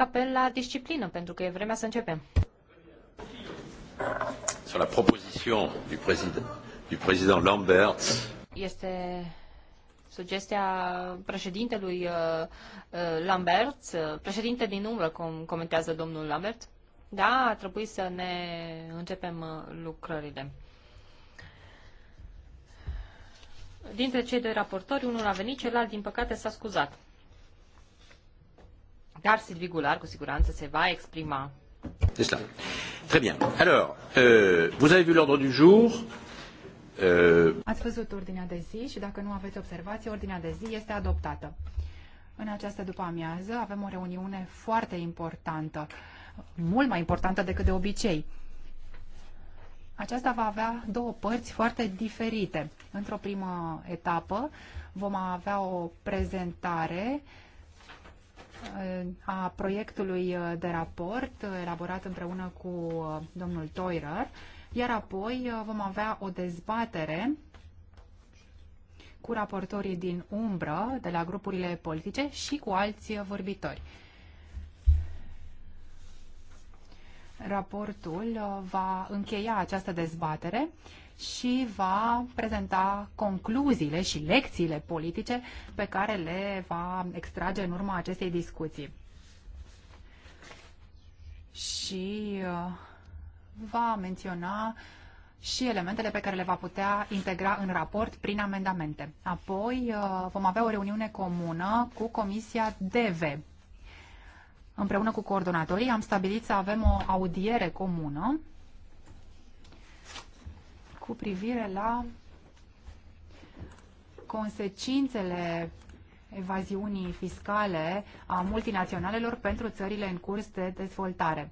apel la disciplină, pentru că e vremea să începem. Sur la proposition du président, du président Lambert. Este sugestia președintelui uh, uh, Lambert, președinte din umbră, cum comentează domnul Lambert. Da, a trebuit să ne începem uh, lucrările. Dintre cei doi raportori, unul a venit, celălalt, din păcate, s-a scuzat. Dar Sylvie Goulard, cu siguranță se va exprima. C'est cela. Très bien. Alors, euh, vous avez vu l'ordre du jour. Euh... Ați văzut ordinea de zi și dacă nu aveți observații, ordinea de zi este adoptată. În această după-amiază avem o reuniune foarte importantă, mult mai importantă decât de obicei. Aceasta va avea două părți foarte diferite. Într-o primă etapă vom avea o prezentare uh, a proiectului uh, de raport uh, elaborat împreună cu uh, domnul Toirer, iar apoi vom avea o dezbatere cu raportorii din umbră, de la grupurile politice și cu alți vorbitori. Raportul va încheia această dezbatere și va prezenta concluziile și lecțiile politice pe care le va extrage în urma acestei discuții. Și uh, va menționa și elementele pe care le va putea integra în raport prin amendamente. Apoi uh, vom avea o reuniune comună cu Comisia DV. Împreună cu coordonatorii am stabilit să avem o audiere comună cu privire la consecințele evaziunii fiscale a multinaționalelor pentru țările în curs de dezvoltare.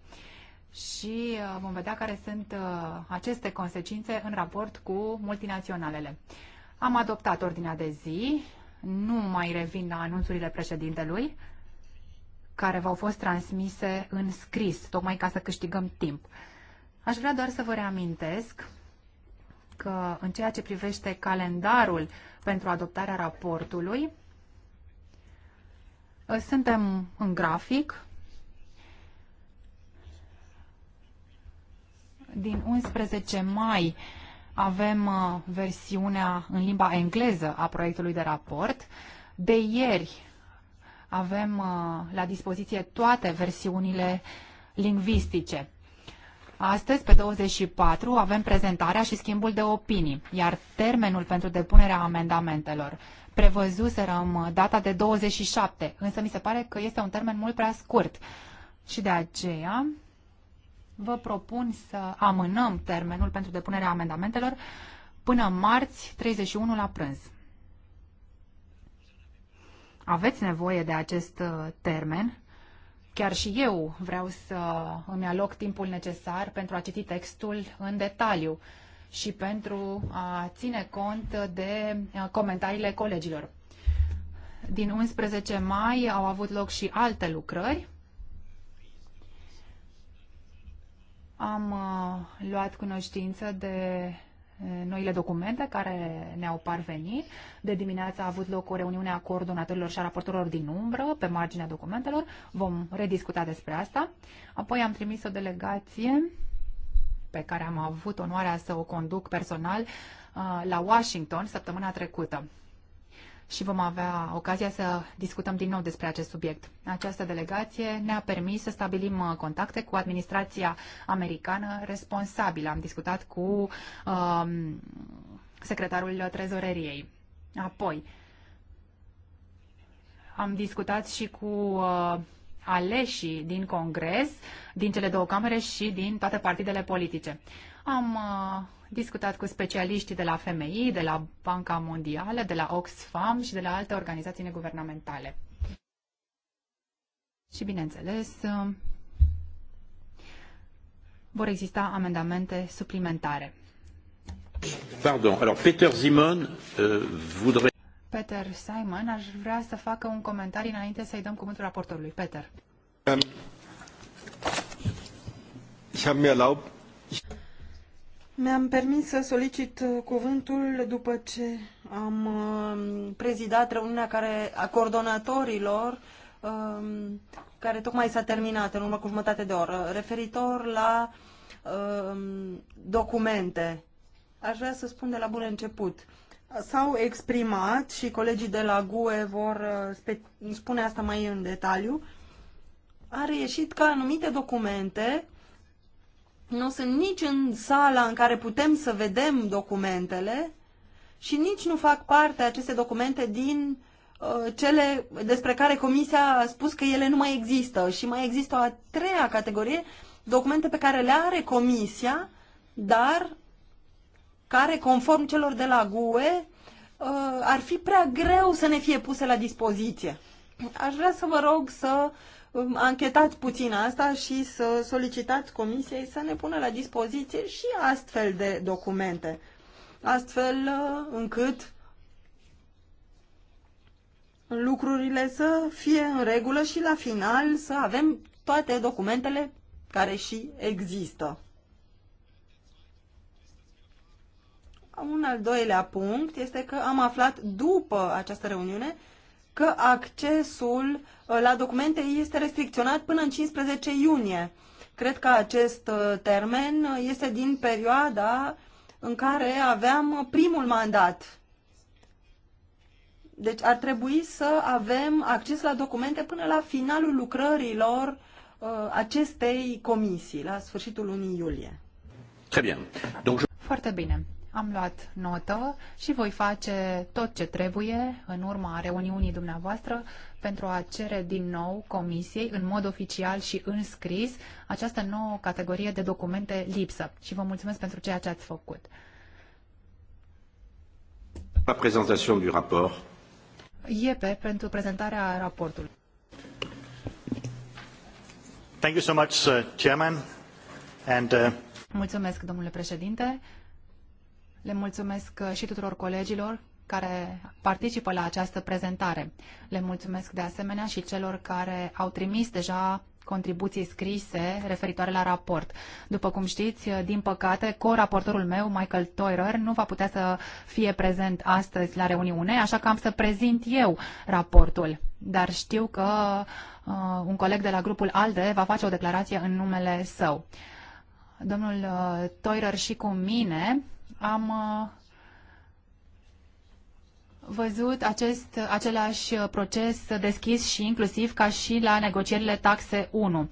Și uh, vom vedea care sunt uh, aceste consecințe în raport cu multinaționalele. Am adoptat ordinea de zi, nu mai revin la anunțurile președintelui, care v-au fost transmise în scris, tocmai ca să câștigăm timp. Aș vrea doar să vă reamintesc că în ceea ce privește calendarul pentru adoptarea raportului, suntem în grafic. Din 11 mai avem uh, versiunea în limba engleză a proiectului de raport. De ieri avem uh, la dispoziție toate versiunile lingvistice. Astăzi, pe 24, avem prezentarea și schimbul de opinii, iar termenul pentru depunerea amendamentelor prevăzuserăm uh, data de 27, însă mi se pare că este un termen mult prea scurt. Și de aceea vă propun să amânăm termenul pentru depunerea amendamentelor până marți 31 la prânz. Aveți nevoie de acest uh, termen Chiar și eu vreau să îmi aloc timpul necesar pentru a citi textul în detaliu și pentru a ține cont de uh, comentariile colegilor. Din 11 mai au avut loc și alte lucrări. Am uh, luat cunoștință de noile documente care ne-au parvenit. De dimineață a avut loc o reuniune a coordonatorilor și a raportorilor din umbră pe marginea documentelor. Vom rediscuta despre asta. Apoi am trimis o delegație pe care am avut onoarea să o conduc personal uh, la Washington săptămâna trecută și vom avea ocazia să discutăm din nou despre acest subiect. Această delegație ne-a permis să stabilim uh, contacte cu administrația americană responsabilă. Am discutat cu um, secretarul trezoreriei. Apoi, am discutat și cu uh, aleșii din Congres, din cele două camere și din toate partidele politice. Am uh, discutat cu specialiștii de la FMI, de la Banca Mondială, de la Oxfam și de la alte organizații neguvernamentale. Și bineînțeles, vor exista amendamente suplimentare. Pardon, alors Peter Simon euh, voudrait... Peter Simon aș vrea să facă un comentariu înainte să-i dăm cuvântul raportorului. Peter. Um, ich habe mir erlaubt... Mi-am permis să solicit uh, cuvântul după ce am uh, prezidat reuniunea care, a coordonatorilor um, care tocmai s-a terminat în urmă cu jumătate de oră, referitor la um, documente. Aș vrea să spun de la bun început. S-au exprimat și colegii de la GUE vor uh, spune asta mai în detaliu. A reieșit că anumite documente nu sunt nici în sala în care putem să vedem documentele și nici nu fac parte aceste documente din uh, cele despre care Comisia a spus că ele nu mai există. Și mai există o a treia categorie, documente pe care le are Comisia, dar care, conform celor de la GUE, uh, ar fi prea greu să ne fie puse la dispoziție. Aș vrea să vă rog să uh, anchetați puțin asta și să solicitați comisiei să ne pună la dispoziție și astfel de documente, astfel uh, încât lucrurile să fie în regulă și la final să avem toate documentele care și există. Un al doilea punct este că am aflat după această reuniune că accesul uh, la documente este restricționat până în 15 iunie. Cred că acest uh, termen uh, este din perioada în care aveam primul mandat. Deci ar trebui să avem acces la documente până la finalul lucrărilor acestei comisii, la sfârșitul lunii iulie. Foarte bine. Am luat notă și voi face tot ce trebuie în urma reuniunii dumneavoastră pentru a cere din nou Comisiei, în mod oficial și în scris, această nouă categorie de documente lipsă. Și vă mulțumesc pentru ceea ce ați făcut. La prezentarea du raport. Iepe, pentru prezentarea raportului. Thank you so much, uh, Chairman. And, uh... Mulțumesc, domnule președinte. Le mulțumesc uh, și tuturor colegilor care participă la această prezentare. Le mulțumesc de asemenea și celor care au trimis deja contribuții scrise referitoare la raport. După cum știți, uh, din păcate, co-raportorul meu, Michael Toirer, nu va putea să fie prezent astăzi la reuniune, așa că am să prezint eu raportul. Dar știu că uh, un coleg de la grupul ALDE va face o declarație în numele său. Uh, domnul uh, Toirer și cu mine am uh, văzut acest, același proces deschis și inclusiv ca și la negocierile taxe 1.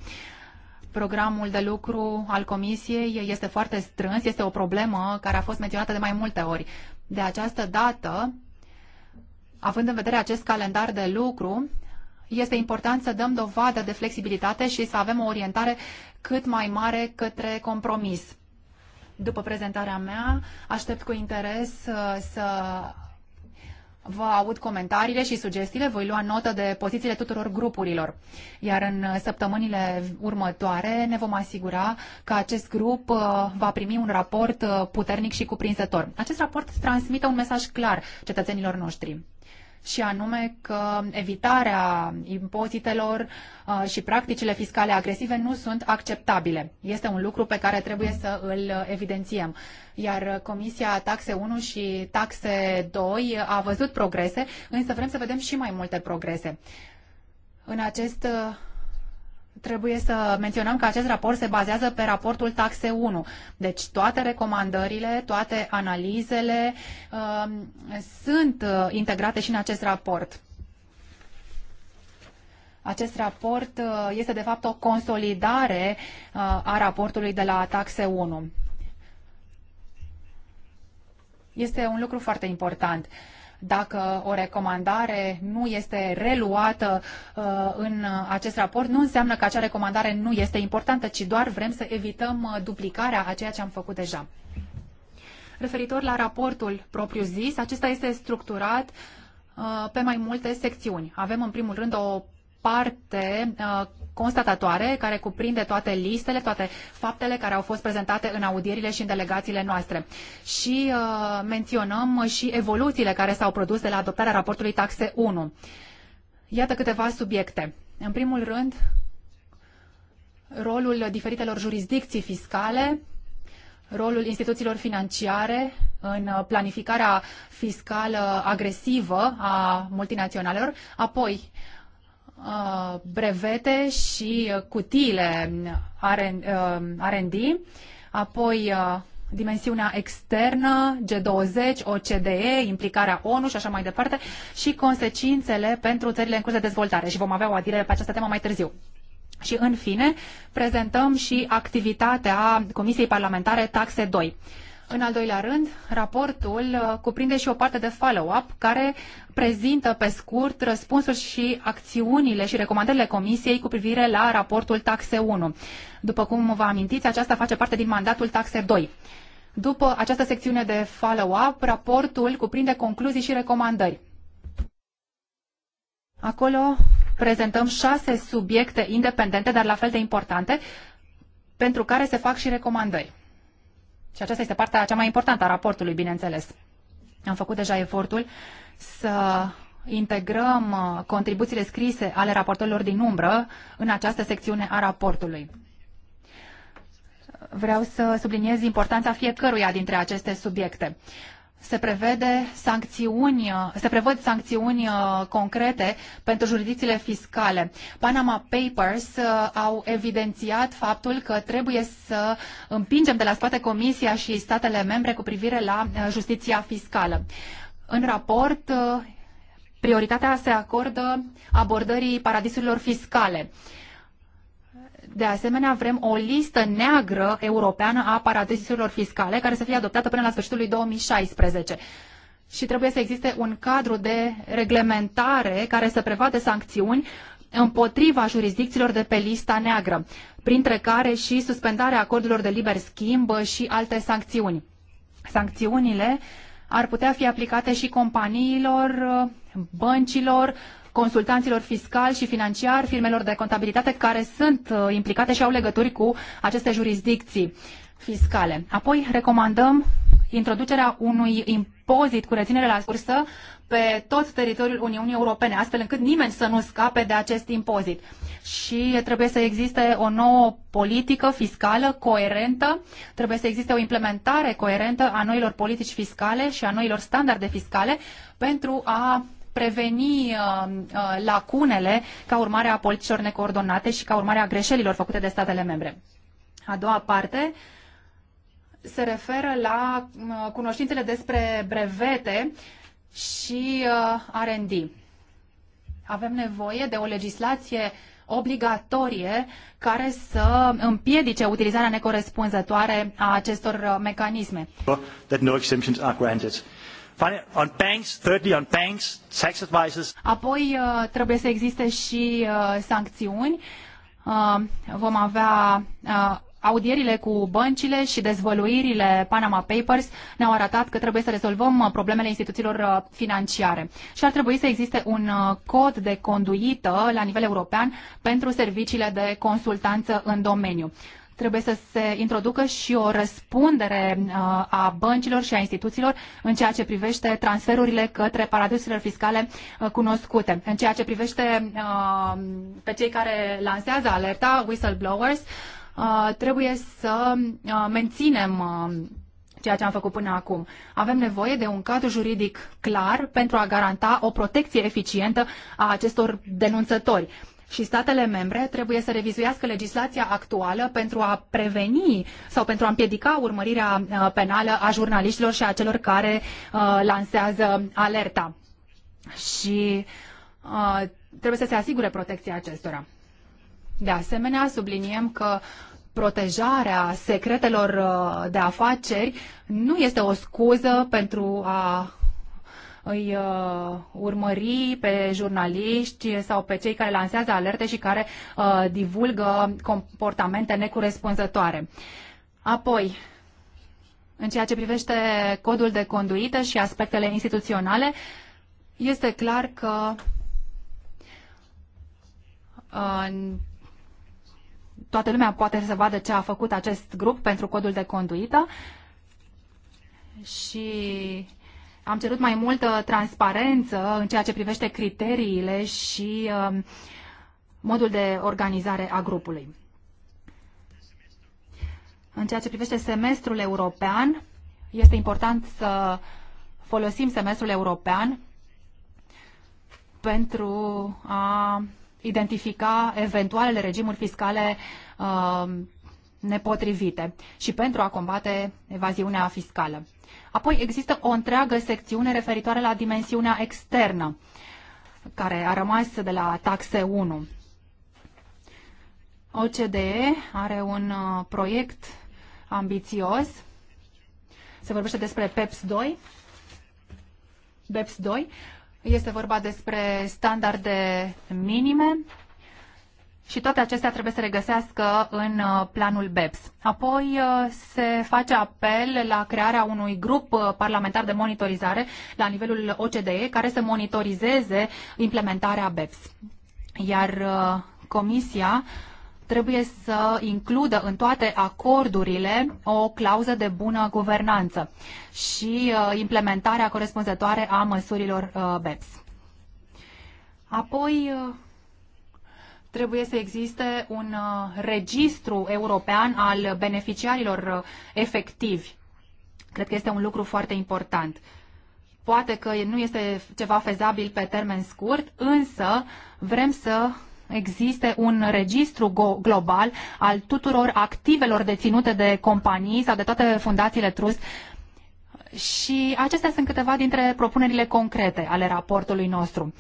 Programul de lucru al Comisiei este foarte strâns, este o problemă care a fost menționată de mai multe ori. De această dată, având în vedere acest calendar de lucru, este important să dăm dovadă de flexibilitate și să avem o orientare cât mai mare către compromis. După prezentarea mea, aștept cu interes uh, să vă aud comentariile și sugestiile, voi lua notă de pozițiile tuturor grupurilor. Iar în săptămânile următoare ne vom asigura că acest grup uh, va primi un raport uh, puternic și cuprinzător. Acest raport transmite un mesaj clar cetățenilor noștri și anume că evitarea impozitelor uh, și practicile fiscale agresive nu sunt acceptabile. Este un lucru pe care trebuie să îl evidențiem. Iar Comisia Taxe 1 și Taxe 2 a văzut progrese, însă vrem să vedem și mai multe progrese. În acest uh, Trebuie să menționăm că acest raport se bazează pe raportul taxe 1. Deci toate recomandările, toate analizele um, uh, sunt integrate și în acest raport. Acest raport uh, este de fapt o consolidare uh, a raportului de la taxe 1. Este un lucru foarte important. Uh, dacă o recomandare nu este reluată uh, în acest raport, nu înseamnă că acea recomandare nu este importantă, ci doar vrem să evităm uh, duplicarea a ceea ce am făcut deja. Referitor la raportul propriu-zis, acesta este structurat uh, pe mai multe secțiuni. Avem în primul rând o parte uh, constatatoare care cuprinde toate listele, toate faptele care au fost prezentate în audierile și în delegațiile noastre. Și uh, menționăm și evoluțiile care s-au produs de la adoptarea raportului taxe 1. Iată câteva subiecte. În primul rând, rolul diferitelor jurisdicții fiscale, rolul instituțiilor financiare în planificarea fiscală agresivă a multinaționalelor, apoi Uh, brevete și uh, cutiile R&D, uh, apoi dimensiunea externă, G20, OCDE, implicarea ONU și așa mai departe și consecințele pentru țările în curs de dezvoltare. Și vom avea o adire pe această temă mai târziu. Și în fine, prezentăm și activitatea Comisiei Parlamentare Taxe 2. În al doilea rând, raportul uh, cuprinde și o parte de follow-up care prezintă pe scurt răspunsuri și acțiunile și recomandările Comisiei cu privire la raportul Taxe 1. După cum vă amintiți, aceasta face parte din mandatul Taxe 2. După această secțiune de follow-up, raportul cuprinde concluzii și recomandări. Acolo prezentăm șase subiecte independente, dar la fel de importante, pentru care se fac și recomandări. Și aceasta este partea cea mai importantă a raportului, bineînțeles. Am făcut deja efortul să integrăm uh, contribuțiile scrise ale raportorilor din umbră în această secțiune a raportului. Vreau să subliniez importanța fiecăruia dintre aceste subiecte se prevede sancțiuni, se prevăd sancțiuni uh, concrete pentru jurisdicțiile fiscale. Panama Papers uh, au evidențiat faptul că trebuie să împingem de la spate Comisia și statele membre cu privire la uh, justiția fiscală. În raport, prioritatea se acordă abordării paradisurilor fiscale. De asemenea, vrem o listă neagră europeană a paradisurilor fiscale care să fie adoptată până la sfârșitul lui 2016 și trebuie să existe un cadru de reglementare care să prevadă sancțiuni împotriva jurisdicțiilor de pe lista neagră, printre care și suspendarea acordurilor de liber schimb și alte sancțiuni. Sancțiunile ar putea fi aplicate și companiilor, băncilor, consultanților fiscali și financiari, firmelor de contabilitate care sunt uh, implicate și au legături cu aceste jurisdicții fiscale. Apoi recomandăm introducerea unui impozit cu reținere la sursă pe tot teritoriul Uniunii Europene, astfel încât nimeni să nu scape de acest impozit. Și trebuie să existe o nouă politică fiscală coerentă, trebuie să existe o implementare coerentă a noilor politici fiscale și a noilor standarde fiscale pentru a preveni uh, uh, lacunele ca urmare a politicilor necoordonate și ca urmare a greșelilor făcute de statele membre. A doua parte se referă la uh, cunoștințele despre brevete și R&D. Avem nevoie de o legislație obligatorie care să împiedice utilizarea necorespunzătoare a acestor mecanisme. That no exemptions are granted. On banks, thirdly on banks, tax advisors. Apoi uh, trebuie să existe și uh, sancțiuni. Uh, vom avea audierile cu băncile și dezvăluirile Panama Papers ne-au arătat că trebuie să rezolvăm problemele instituțiilor financiare și ar trebui să existe un cod de conduită la nivel european pentru serviciile de consultanță în domeniu trebuie să se introducă și o răspundere uh, a băncilor și a instituțiilor în ceea ce privește transferurile către paradisurile fiscale uh, cunoscute. În ceea ce privește uh, pe cei care lansează alerta, whistleblowers, trebuie să menținem ceea ce am făcut până acum. Avem nevoie de un cadru juridic clar pentru a garanta o protecție eficientă a acestor denunțători și statele membre trebuie să revizuiască legislația actuală pentru a preveni sau pentru a împiedica urmărirea uh, penală a jurnaliștilor și a celor care uh, lansează alerta. Și uh, trebuie să se asigure protecția acestora. De asemenea, subliniem că protejarea secretelor de afaceri nu este o scuză pentru a îi uh, urmări pe jurnaliști sau pe cei care lansează alerte și care uh, divulgă comportamente necorespunzătoare. Apoi, în ceea ce privește codul de conduită și aspectele instituționale, este clar că uh, toată lumea poate să vadă ce a făcut acest grup pentru codul de conduită și am cerut mai multă transparență în ceea ce privește criteriile și um, modul de organizare a grupului. În ceea ce privește semestrul european, este important să folosim semestrul european pentru a identifica eventualele regimuri fiscale uh, nepotrivite și pentru a combate evaziunea fiscală. Apoi există o întreagă secțiune referitoare la dimensiunea externă, care a rămas de la taxe 1. OCDE are un uh, proiect ambițios. Se vorbește despre PEPS 2. BEPS 2. Este vorba despre standarde minime și toate acestea trebuie să regăsească în uh, planul BEPS. Apoi uh, se face apel la crearea unui grup uh, parlamentar de monitorizare la nivelul OCDE care să monitorizeze implementarea BEPS. Iar Comisia trebuie să includă în toate acordurile o clauză de bună guvernanță și implementarea corespunzătoare a măsurilor BEPS. Apoi trebuie să existe un uh, registru european al beneficiarilor uh, efectivi. Cred că este un lucru foarte important. Poate că nu este ceva fezabil pe termen scurt, însă vrem să existe un registru global al tuturor activelor deținute de companii sau de toate fundațiile trust și acestea sunt câteva dintre propunerile concrete ale raportului nostru.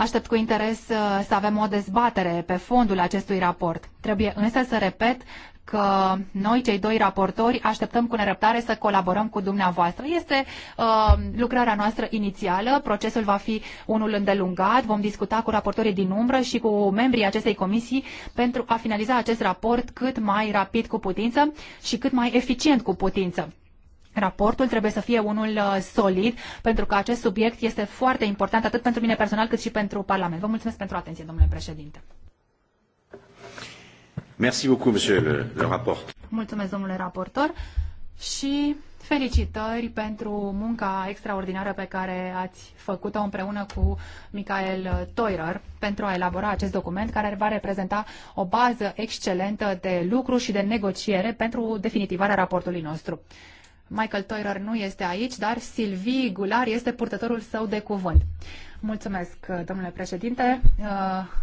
Aștept cu interes uh, să avem o dezbatere pe fondul acestui raport. Trebuie însă să repet că noi, cei doi raportori, așteptăm cu nerăbdare să colaborăm cu dumneavoastră. Este uh, lucrarea noastră inițială, procesul va fi unul îndelungat, vom discuta cu raportorii din umbră și cu membrii acestei comisii pentru a finaliza acest raport cât mai rapid cu putință și cât mai eficient cu putință. Raportul trebuie să fie unul uh, solid, pentru că acest subiect este foarte important atât pentru mine personal cât și pentru Parlament. Vă mulțumesc pentru atenție, domnule președinte. Merci beaucoup, monsieur le, le rapport. Mulțumesc, domnule raportor, și felicitări pentru munca extraordinară pe care ați făcut-o împreună cu Michael Toirer pentru a elabora acest document care va reprezenta o bază excelentă de lucru și de negociere pentru definitivarea raportului nostru. Michael Toirer nu este aici, dar Silvii Gular este purtătorul său de cuvânt. Mulțumesc, domnule președinte. Uh,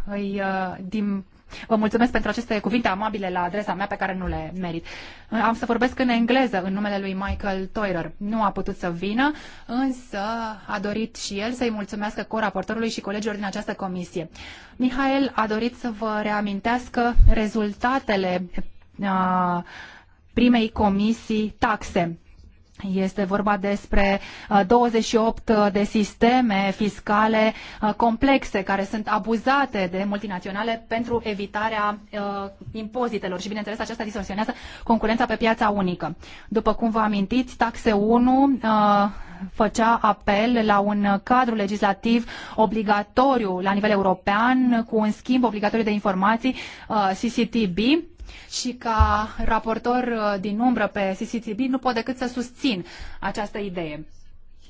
îi, uh, din Vă mulțumesc pentru aceste cuvinte amabile la adresa mea pe care nu le merit. Uh, am să vorbesc în engleză în numele lui Michael Toirer. Nu a putut să vină, însă a dorit și el să-i mulțumească co-raportorului și colegilor din această comisie. Mihail a dorit să vă reamintească rezultatele primei comisii taxe este vorba despre 28 uh, de sisteme fiscale uh, complexe care sunt abuzate de multinaționale pentru evitarea uh, impozitelor și, bineînțeles, aceasta distorsionează concurența pe piața unică. După cum vă amintiți, taxe 1 făcea apel la un cadru legislativ obligatoriu la nivel european cu un schimb obligatoriu de informații CCTB și ca raportor uh, din umbră pe CCTB nu pot decât să susțin această idee.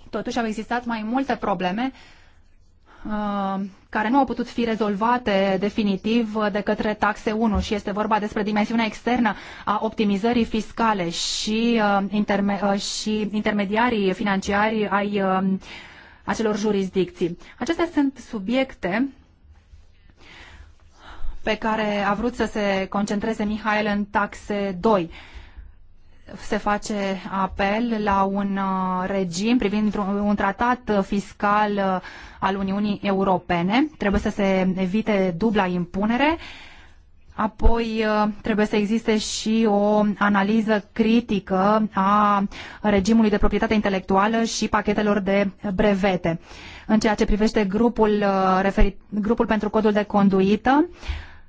Totuși au existat mai multe probleme uh, care nu au putut fi rezolvate definitiv uh, de către taxe 1 și este vorba despre dimensiunea externă a optimizării fiscale și, interme- și intermediarii financiari ai acelor jurisdicții. Acestea sunt subiecte pe care a vrut să se concentreze Mihail în taxe 2 se face apel la un uh, regim privind un tratat fiscal uh, al Uniunii Europene. Trebuie să se evite dubla impunere. Apoi uh, trebuie să existe și o analiză critică a regimului de proprietate intelectuală și pachetelor de brevete. În ceea ce privește grupul, grupul pentru codul de conduită,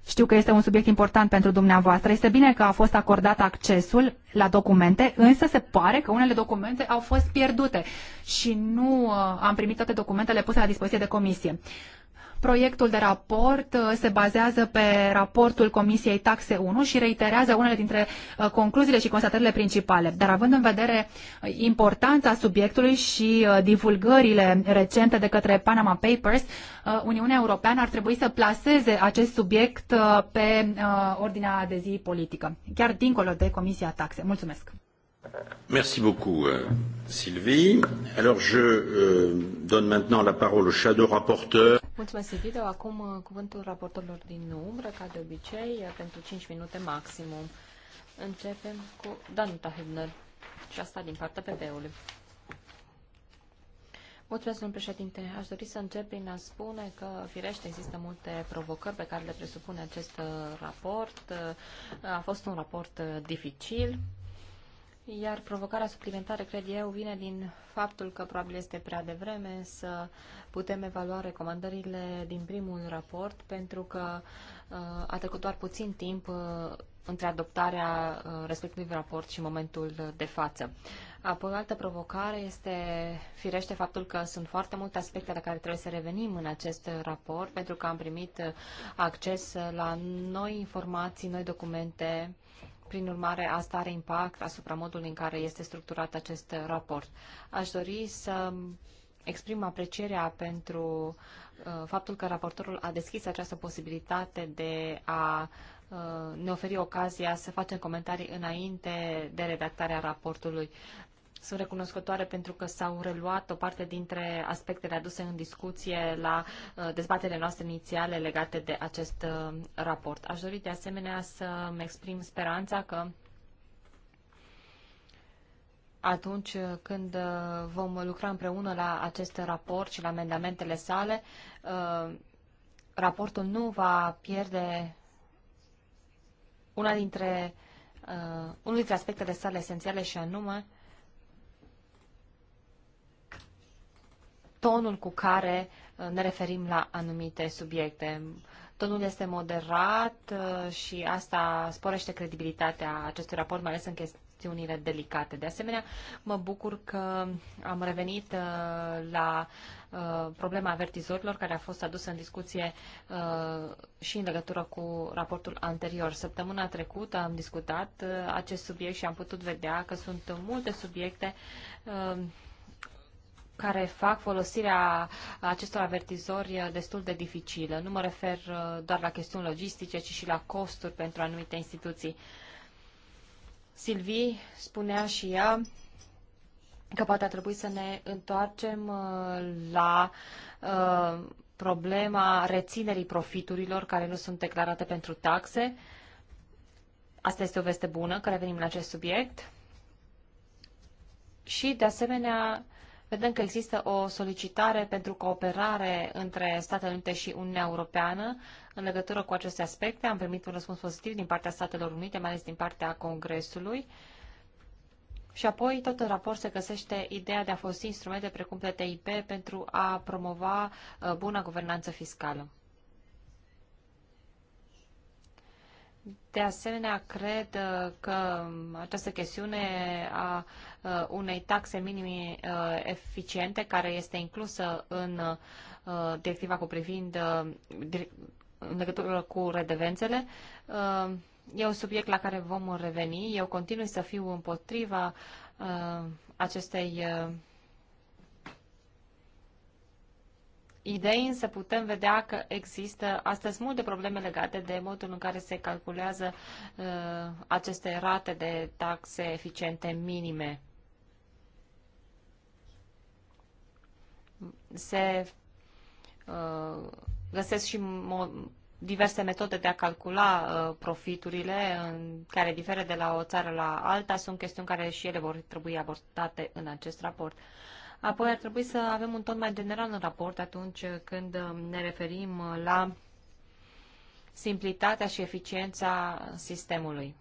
știu că este un subiect important pentru dumneavoastră. Este bine că a fost acordat accesul la documente, însă se pare că unele documente au fost pierdute și nu uh, am primit toate documentele puse la dispoziție de comisie. Proiectul de raport uh, se bazează pe raportul Comisiei Taxe 1 și reiterează unele dintre uh, concluziile și constatările principale. Dar având în vedere uh, importanța subiectului și divulgările recente de către Panama Papers, Uniunea Europeană ar trebui să plaseze acest subiect pe ordinea de zi politică, chiar dincolo de Comisia Taxe. Mulțumesc! Merci beaucoup, euh, Sylvie. Alors, je euh, donne maintenant la parole au shadow rapporteur. Mulțumesc, Sylvie. Dau acum uh, cuvântul raportorilor din umbră, ca de obicei, uh, pentru 5 minute maximum. Începem cu Danuta Hübner și asta din partea PP-ului. Mulțumesc, domnul președinte. Aș dori să încep prin a spune că, firește, există multe provocări pe care le presupune acest uh, raport. A fost un raport dificil iar provocarea suplimentară, cred eu, vine din faptul că probabil este prea devreme să putem evalua recomandările din primul raport, pentru că uh, a trecut doar puțin timp uh, între adoptarea uh, respectivului raport și momentul de față. Apoi, altă provocare este, firește, faptul că sunt foarte multe aspecte la care trebuie să revenim în acest raport, pentru că am primit uh, acces la noi informații, noi documente, prin urmare, asta are impact asupra modului în care este structurat acest raport. Aș dori să exprim aprecierea pentru uh, faptul că raportorul a deschis această posibilitate de a uh, ne oferi ocazia să facem comentarii înainte de redactarea raportului. Sunt recunoscătoare pentru că s-au reluat o parte dintre aspectele aduse în discuție la uh, dezbaterile noastre inițiale legate de acest uh, raport. Aș dori de asemenea să-mi exprim speranța că atunci când uh, vom lucra împreună la acest raport și la amendamentele sale, raportul nu va pierde una dintre, unul dintre aspectele sale esențiale și anume tonul cu care uh, ne referim la anumite subiecte. Tonul este moderat uh, și asta sporește credibilitatea acestui raport, mai ales în chestiunile delicate. De asemenea, mă bucur că am revenit uh, la problema avertizorilor care a fost adusă în discuție și în legătură cu raportul anterior. Săptămâna trecută am discutat acest subiect și am putut vedea că sunt multe subiecte care fac folosirea acestor avertizori uh, destul de dificilă. Nu mă refer uh, doar la chestiuni logistice, ci și la costuri pentru anumite instituții. Silvii spunea și ea că poate ar trebui să ne întoarcem uh, la problema reținerii profiturilor care nu sunt declarate pentru taxe. Asta este o veste bună, că revenim la acest subiect. Și, de asemenea, vedem că există o solicitare pentru cooperare între Statele Unite și Uniunea Europeană în legătură cu aceste aspecte. Am primit un răspuns pozitiv din partea Statelor Unite, mai ales din partea Congresului. Și apoi, tot în raport se găsește ideea de a folosi instrumente precum TTIP pentru a promova uh, buna guvernanță fiscală. De asemenea, cred uh, că această chestiune a uh, unei taxe minime uh, eficiente, care este inclusă în directiva cu privind în legătură cu redevențele, e un subiect la care vom reveni. Eu continui să fiu împotriva acestei idei, însă putem vedea că există astăzi multe probleme legate de modul în care se calculează uh, aceste rate de taxe eficiente minime. Se uh, găsesc și diverse metode de a calcula uh, profiturile în care diferă de la o țară la alta. Sunt chestiuni care și ele vor trebui abordate în acest raport. Uh, Apoi ar trebui să avem un ton mai general în raport atunci când uh, ne referim uh, la simplitatea și eficiența sistemului.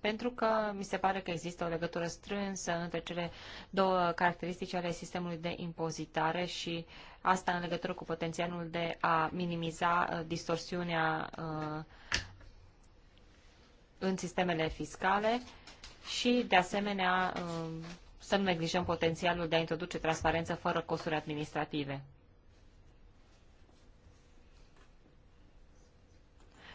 Pentru că mi se pare că există o legătură strânsă între cele două caracteristici ale sistemului de impozitare și asta în legătură cu potențialul de a minimiza uh, distorsiunea în sistemele fiscale și, de asemenea, să nu neglijăm potențialul de a introduce transparență fără costuri administrative.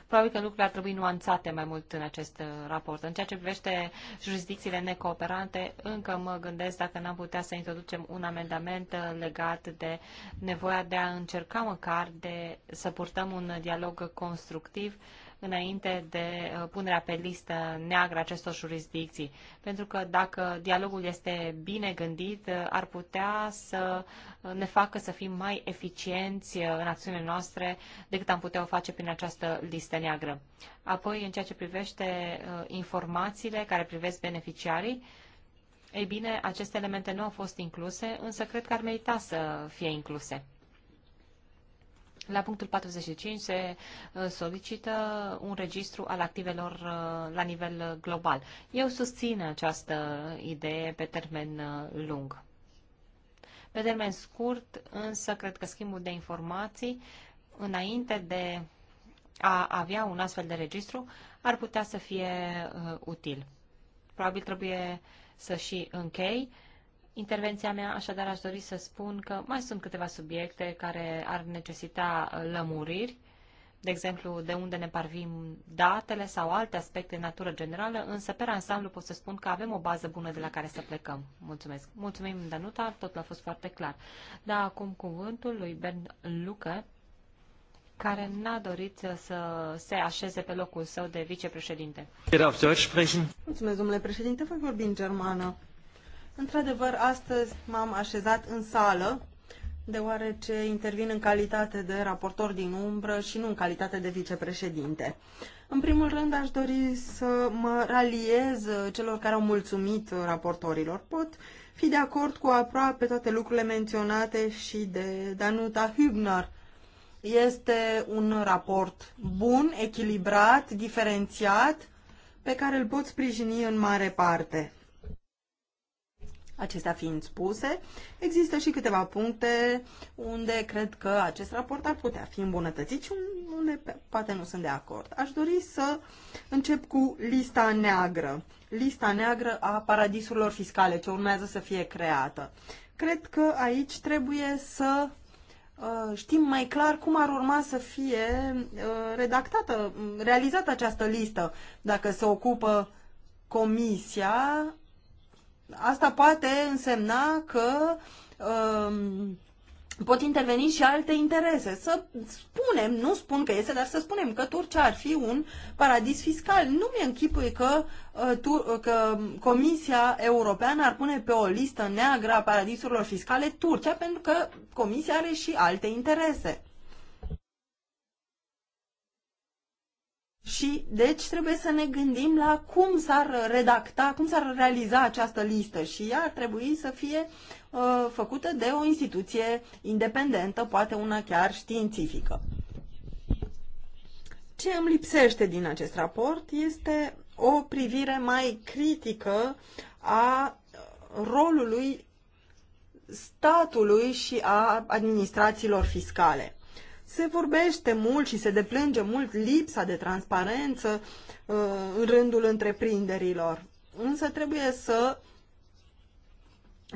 Probabil că lucrurile ar trebui nuanțate mai mult în acest uh, raport. În ceea ce privește jurisdicțiile necooperante, încă mă gândesc dacă n-am putea să introducem un amendament uh, legat de nevoia de a încerca măcar de să purtăm un dialog constructiv uh, înainte de uh, punerea pe listă neagră acestor jurisdicții. Pentru că dacă dialogul este bine gândit, uh, ar putea să uh, ne facă să fim mai eficienți în acțiunile noastre decât am putea o face prin această listă neagră. Apoi, în ceea ce privește informațiile care privesc beneficiarii, ei bine, aceste elemente nu au fost incluse, însă cred că ar merita să fie incluse. La punctul 45 se uh, solicită un registru al activelor uh, la nivel uh, global. Eu susțin această idee pe termen lung. Pe termen scurt, însă, cred că schimbul de informații, înainte de a avea un astfel de registru, ar putea să fie util. Probabil trebuie să și închei intervenția mea, așadar aș dori să spun că mai sunt câteva subiecte care ar necesita uh, lămuriri, de exemplu, de unde ne parvim datele sau alte aspecte în natură generală, însă pe ansamblu pot să spun că avem o bază bună de la care să plecăm. Mulțumesc. Mulțumim, Danuta, totul a fost foarte clar. Da, acum cuvântul lui Ben Lucă, care n-a dorit să se așeze pe locul său de vicepreședinte. Mulțumesc, domnule președinte, voi vorbi în germană. Într-adevăr, astăzi m-am așezat în sală, deoarece intervin în calitate de raportor din umbră și nu în calitate de vicepreședinte. În primul rând, aș dori să mă raliez celor care au mulțumit raportorilor. Pot fi de acord cu aproape toate lucrurile menționate și de Danuta Hübner. Este un raport bun, echilibrat, diferențiat, pe care îl pot sprijini în mare parte. Acestea fiind spuse, există și câteva puncte unde cred că acest raport ar putea fi îmbunătățit și unde poate nu sunt de acord. Aș dori să încep cu lista neagră, lista neagră a paradisurilor fiscale ce urmează să fie creată. Cred că aici trebuie să uh, știm mai clar cum ar urma să fie uh, redactată, realizată această listă, dacă se ocupă comisia asta poate însemna că um, pot interveni și alte interese. Să spunem, nu spun că este, dar să spunem că Turcia ar fi un paradis fiscal. Nu mi închipui că, uh, că Comisia Europeană ar pune pe o listă neagră a paradisurilor fiscale Turcia, pentru că Comisia are și alte interese. Și deci trebuie să ne gândim la cum s-ar redacta, cum s-ar realiza această listă și ea ar trebui să fie uh, făcută de o instituție independentă, poate una chiar științifică. Ce îmi lipsește din acest raport este o privire mai critică a rolului statului și a administrațiilor fiscale. Se vorbește mult și se deplânge mult lipsa de transparență uh, în rândul întreprinderilor. Însă trebuie să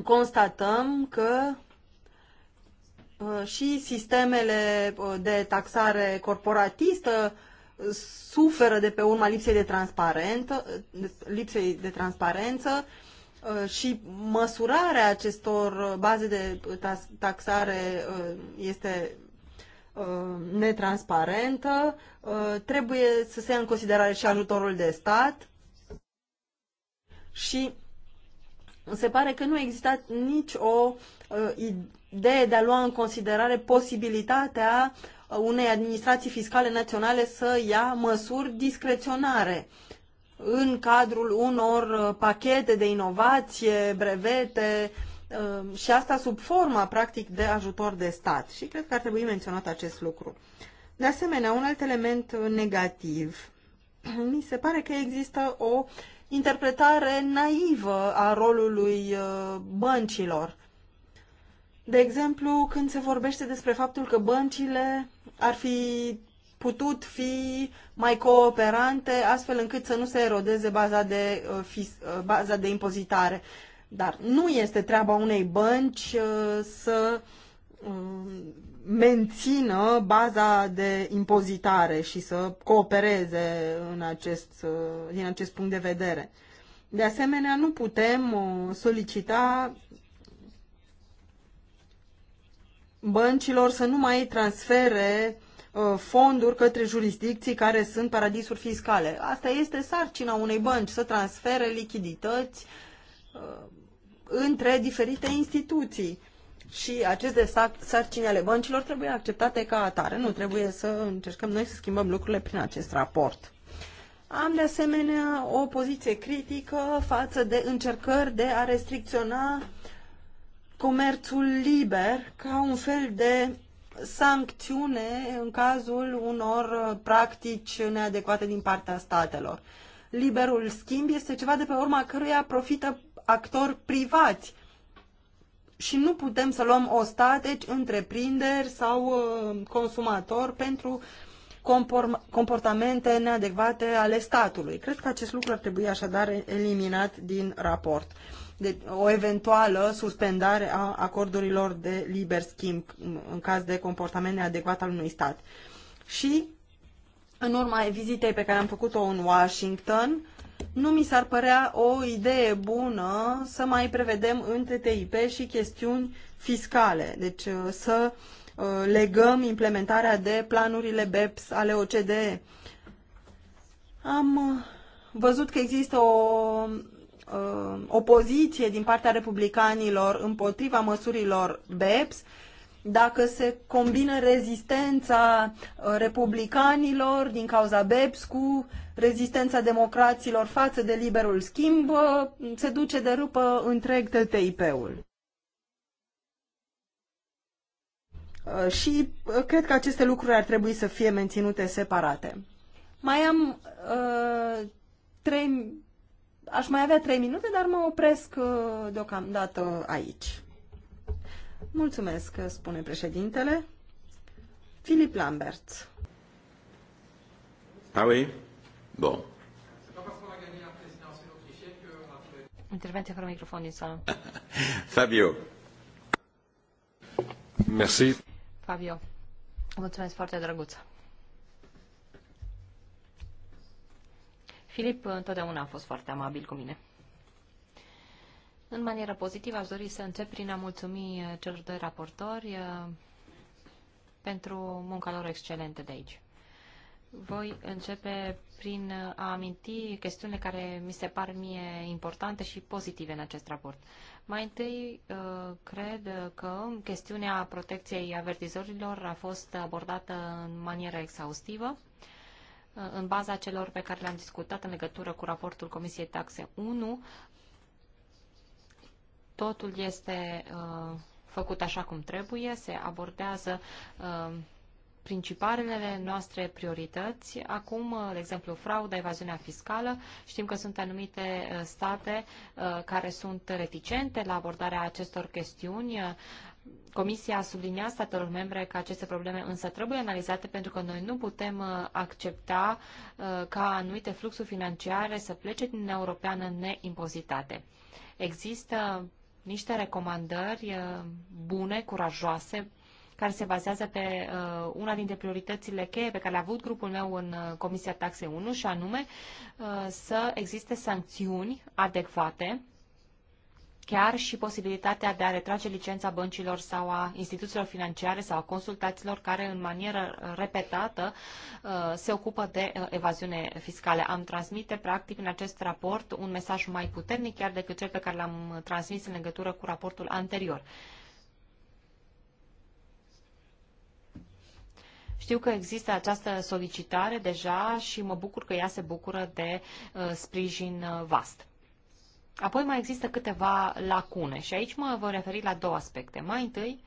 constatăm că uh, și sistemele uh, de taxare corporatistă suferă de pe urma lipsei de transparență, lipsei de transparență uh, și măsurarea acestor baze de taxare uh, este Uh, netransparentă, uh, trebuie să se ia în considerare și ajutorul de stat și se pare că nu există nici o uh, idee de a lua în considerare posibilitatea unei administrații fiscale naționale să ia măsuri discreționare în cadrul unor pachete de inovație, brevete, Ehm, și asta sub forma, practic, de ajutor de stat. Și cred că ar trebui menționat acest lucru. De asemenea, un alt element uh, negativ. Mi se pare că există o interpretare naivă a rolului uh, băncilor. De exemplu, când se vorbește despre faptul că băncile ar fi putut fi mai cooperante, astfel încât să nu se erodeze baza de, uh, baza de impozitare. Dar nu este treaba unei bănci uh, să uh, mențină baza de impozitare și să coopereze în acest, uh, din acest punct de vedere. De asemenea, nu putem solicita băncilor să nu mai transfere fonduri către jurisdicții care sunt paradisuri fiscale. Asta este sarcina unei bănci, să transfere lichidități între diferite instituții. Și aceste sarcini ale băncilor trebuie acceptate ca atare. Nu trebuie să încercăm noi să schimbăm lucrurile prin acest raport. Am de asemenea o poziție critică față de încercări de a restricționa comerțul liber ca un fel de sancțiune în cazul unor practici neadecvate din partea statelor. Liberul schimb este ceva de pe urma căruia profită actori privați și nu putem să luăm o stateci, întreprinderi sau uh, consumator pentru comportamente neadecvate ale statului. Cred că acest lucru ar trebui așadar eliminat din raport. o eventuală suspendare a acordurilor de liber schimb în caz de comportament neadecvat al unui stat. Și, în urma vizitei pe care am făcut-o în Washington, nu mi s-ar părea o idee bună să mai prevedem în TTIP și chestiuni fiscale. Deci uh, să uh, legăm implementarea de planurile BEPS ale OCDE. Am uh, văzut că există o opoziție din partea republicanilor împotriva măsurilor BEPS, dacă se combină rezistența republicanilor din cauza BEPS cu rezistența democraților față de liberul schimb uh, se duce de rupă întreg TTIP-ul. Uh, și uh, cred că aceste lucruri ar trebui să fie menținute separate. Mai am uh, trei... Aș mai avea trei minute, dar mă opresc uh, deocamdată aici. Mulțumesc, spune președintele. Filip Lambert. Ah oui? Bon. Intervenție fără microfon din sală. Fabio. Merci. Fabio. Mulțumesc foarte drăguț. Filip întotdeauna a fost foarte amabil cu mine. În manieră pozitivă aș dori să încep prin a mulțumi celor doi raportori eh, pentru munca lor excelentă de aici. Voi începe prin a aminti chestiunile care mi se par mie importante și pozitive în acest raport. Mai întâi, uh, cred că chestiunea protecției avertizorilor a fost abordată în manieră exhaustivă, uh, în baza celor pe care le-am discutat în legătură cu raportul Comisiei Taxe 1. Totul este uh, făcut așa cum trebuie, se abordează principalele noastre priorități. Acum, uh, de exemplu, frauda, evaziunea fiscală. Știm că sunt anumite uh, state uh, care sunt reticente la abordarea acestor chestiuni. Comisia subliniat statelor membre că aceste probleme însă trebuie analizate pentru că noi nu putem accepta ca anumite fluxuri financiare să plece din Uniunea Europeană neimpozitate. Există niște recomandări bune, curajoase, care se bazează pe uh, una dintre prioritățile cheie pe care le-a avut grupul meu în uh, Comisia Taxe 1 și anume uh, să existe sancțiuni adecvate chiar și posibilitatea de a retrage licența băncilor sau a instituțiilor financiare sau a consultaților care în manieră repetată se ocupă de evaziune fiscale. Am transmite practic în acest raport un mesaj mai puternic chiar decât cel pe care l-am transmis în legătură cu raportul anterior. Știu că există această solicitare deja și mă bucur că ea se bucură de uh, sprijin uh, vast. Apoi mai există câteva lacune și aici mă voi referi la două aspecte. Mai întâi,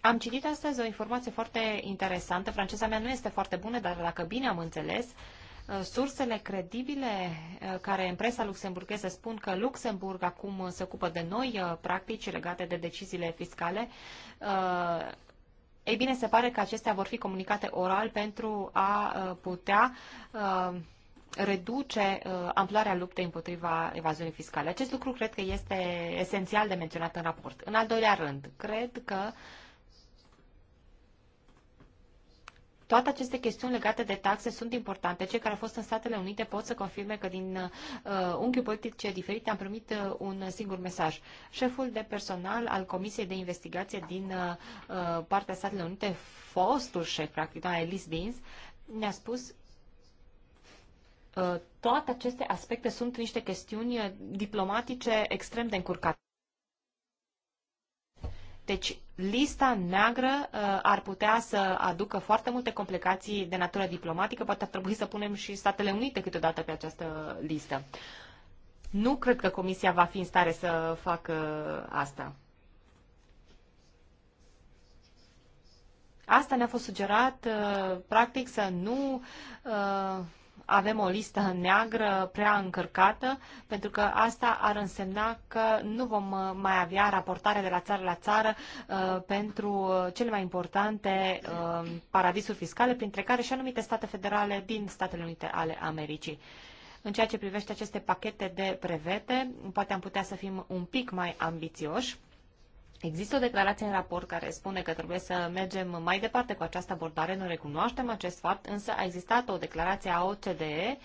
am citit astăzi o informație foarte interesantă. Franceza mea nu este foarte bună, dar dacă bine am înțeles, uh, sursele credibile care în presa luxemburgheză spun că Luxemburg acum se ocupă de noi practici legate de deciziile fiscale ei bine, se pare că acestea vor fi comunicate oral pentru a uh, putea uh, reduce uh, amploarea luptei împotriva evaziunii fiscale. Acest lucru cred că este esențial de menționat în raport. În al doilea rând, cred că uh, Toate aceste chestiuni legate de taxe sunt importante. Cei care au fost în Statele Unite pot să confirme că din uh, unghiuri politice diferite am primit uh, un singur mesaj. Șeful de personal al Comisiei de Investigație din uh, partea Statele Unite, fostul șef, practic, doamna Elise Beans, ne-a spus uh, toate aceste aspecte sunt niște chestiuni uh, diplomatice extrem de încurcate. Deci, lista neagră uh, ar putea să aducă foarte multe complicații de natură diplomatică. Poate ar trebui să punem și Statele Unite câteodată pe această listă. Nu cred că Comisia va fi în stare să facă asta. Asta ne-a fost sugerat, uh, practic, să nu uh, avem o listă neagră prea încărcată, pentru că asta ar însemna că nu vom uh, mai avea raportare de la țară la țară uh, pentru uh, cele mai importante paradisuri fiscale, printre care și anumite state federale din Statele Unite ale Americii. În ceea ce privește aceste pachete de prevete, poate am putea să fim un pic mai ambițioși Există o declarație în raport care spune că trebuie să mergem mai departe cu această abordare, noi recunoaștem acest fapt, însă a existat o declarație a OCDE,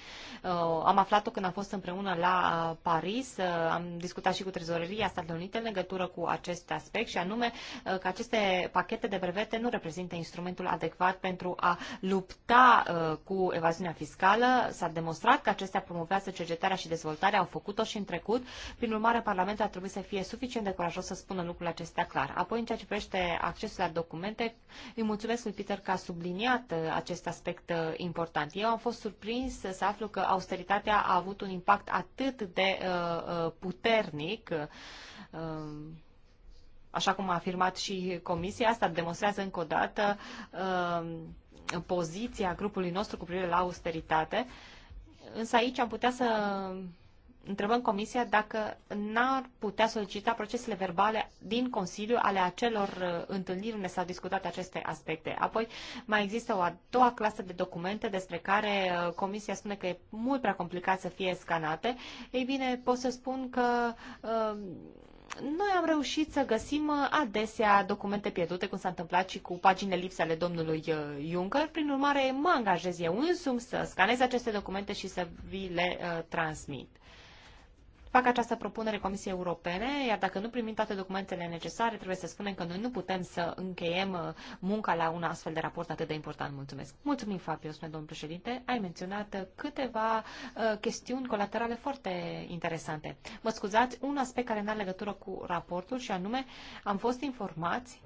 uh, am aflat-o când am fost împreună la uh, Paris, uh, am discutat și cu Trezoreria Statelor Unite în legătură cu acest aspect și anume că aceste pachete de brevete nu reprezintă instrumentul adecvat pentru a lupta cu evaziunea fiscală. S-a demonstrat că acestea promovează cercetarea și dezvoltarea, au făcut-o și în trecut. Prin urmare, Parlamentul ar trebui să fie suficient de curajos să spună lucrurile acestea clar. Apoi, în ceea ce privește accesul la documente, îi mulțumesc lui Peter că a subliniat uh, acest aspect uh, important. Eu am fost surprins să aflu că austeritatea a avut un impact atât de uh, uh, puternic. Uh, așa cum a afirmat și Comisia, asta demonstrează încă o dată uh, poziția grupului nostru cu privire la austeritate. Însă aici am putea să întrebăm Comisia dacă n-ar putea solicita procesele verbale din Consiliu ale acelor uh, întâlniri unde s-au discutat aceste aspecte. Apoi mai există o a doua clasă de documente despre care uh, Comisia spune că e mult prea complicat să fie scanate. Ei bine, pot să spun că uh, noi am reușit să găsim adesea documente pierdute, cum s-a întâmplat și cu paginile lipse ale domnului Juncker. Prin urmare, mă angajez eu însumi să scanez aceste documente și să vi le transmit. Fac această propunere Comisiei Europene, iar dacă nu primim toate documentele necesare, trebuie să spunem că noi nu putem să încheiem uh, munca la un astfel de raport atât de important. Mulțumesc. Mulțumim, Fabio, spune domnul președinte. Ai menționat uh, câteva uh, chestiuni colaterale foarte interesante. Mă scuzați, un aspect care nu are legătură cu raportul și anume am fost informați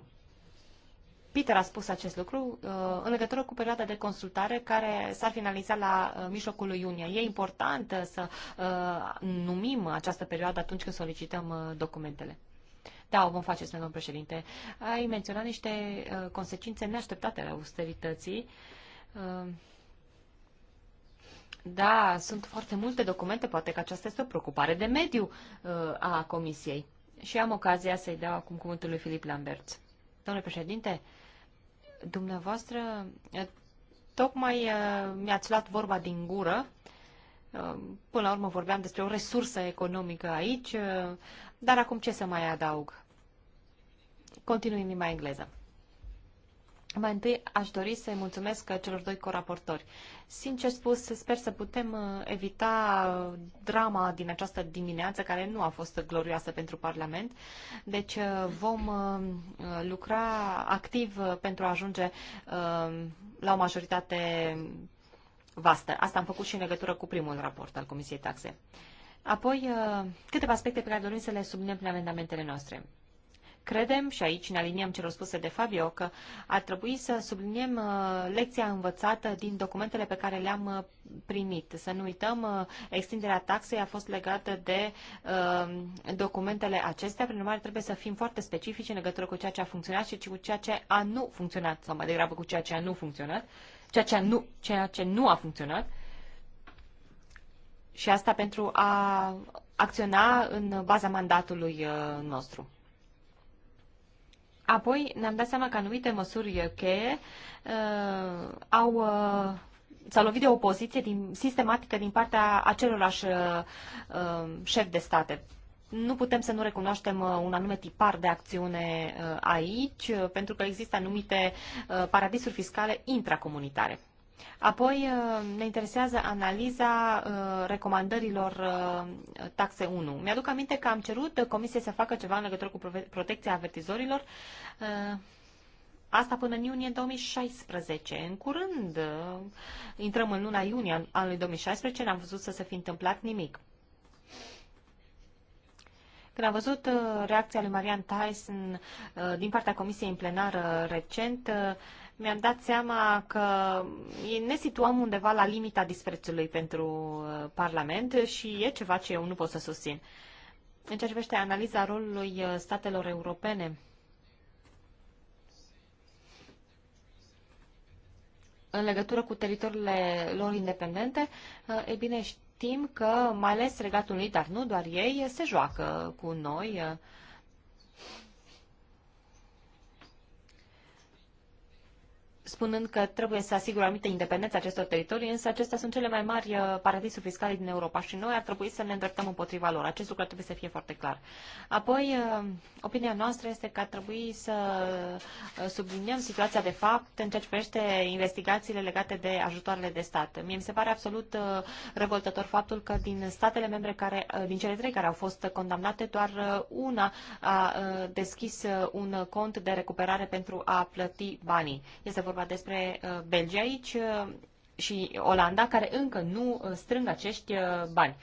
Peter a spus acest lucru uh, în legătură cu perioada de consultare care s-ar finaliza la uh, mijlocul lui iunie. E important uh, să numim această perioadă atunci când solicităm documentele. Da, o vom face, domnul președinte. Ai menționat niște consecințe neașteptate ale austerității. Da, sunt foarte multe documente, poate că aceasta este o preocupare de mediu a Comisiei. Și am ocazia să-i dau acum cuvântul lui Filip Lambert. Domnule președinte, uh, Dumneavoastră, tocmai mi-ați luat vorba din gură. Până la urmă vorbeam despre o resursă economică aici, dar acum ce să mai adaug? Continui în limba engleză. Mai întâi aș dori să-i mulțumesc celor doi coraportori. Sincer spus, sper să putem uh, evita uh, drama din această dimineață, care nu a fost glorioasă pentru Parlament. Deci uh, vom lucra activ pentru a ajunge la o majoritate vastă. Asta am făcut și în legătură cu primul raport al Comisiei Taxe. Apoi, câteva aspecte pe care dorim să le subliniem prin amendamentele noastre. Credem, și aici ne aliniem celor spuse de Fabio, că ar trebui să subliniem uh, lecția învățată din documentele pe care le-am uh, primit. Să nu uităm, uh, extinderea taxei a fost legată de documentele acestea, prin urmare trebuie să fim foarte specifici în legătură cu ceea ce a funcționat și cu ceea ce a nu funcționat, sau mai degrabă cu ceea ce a nu funcționat, ceea ce, a nu, ceea ce nu a funcționat. Și asta pentru a acționa în baza mandatului nostru. Apoi ne-am dat seama că anumite măsuri cheie uh, au uh, s-a lovit de opoziție din, sistematică din partea acelorași uh, uh șefi de state. Nu putem să nu recunoaștem uh, un anume tipar de acțiune uh, aici, pentru că există anumite paradisuri fiscale intracomunitare. Apoi uh, ne interesează analiza uh, recomandărilor uh, taxe 1. Mi-aduc aminte că am cerut comisiei să facă ceva în legătură cu protecția avertizorilor. Asta până în iunie 2016. În curând, intrăm în luna iunie anului 2016, n-am văzut să se fi întâmplat nimic. Când am văzut reacția lui Marian Tyson din partea Comisiei în plenară recent, mi-am dat seama că ne situăm undeva la limita disprețului pentru uh, Parlament și e ceva ce eu nu pot să susțin. În ceea ce privește analiza rolului uh, statelor europene în legătură cu teritoriile lor independente, uh, e bine, știm că mai ales Regatul Unit, dar nu doar ei, se joacă cu noi spunând că trebuie să asigure anumite independențe acestor teritorii, însă acestea sunt cele mai mari uh, paradisuri fiscale din Europa și noi ar trebui să ne îndreptăm împotriva lor. Acest lucru trebuie să fie foarte clar. Apoi, uh, opinia noastră este că ar trebui să uh, subliniem situația de fapt în ceea ce privește investigațiile legate de ajutoarele de stat. Mie mi se pare absolut revoltător faptul că din statele membre care, din cele trei care au fost condamnate, doar una a deschis un cont de recuperare pentru a plăti banii. Este vorba vorba despre uh, Belgia aici uh, și Olanda, care încă nu uh, strâng acești bani.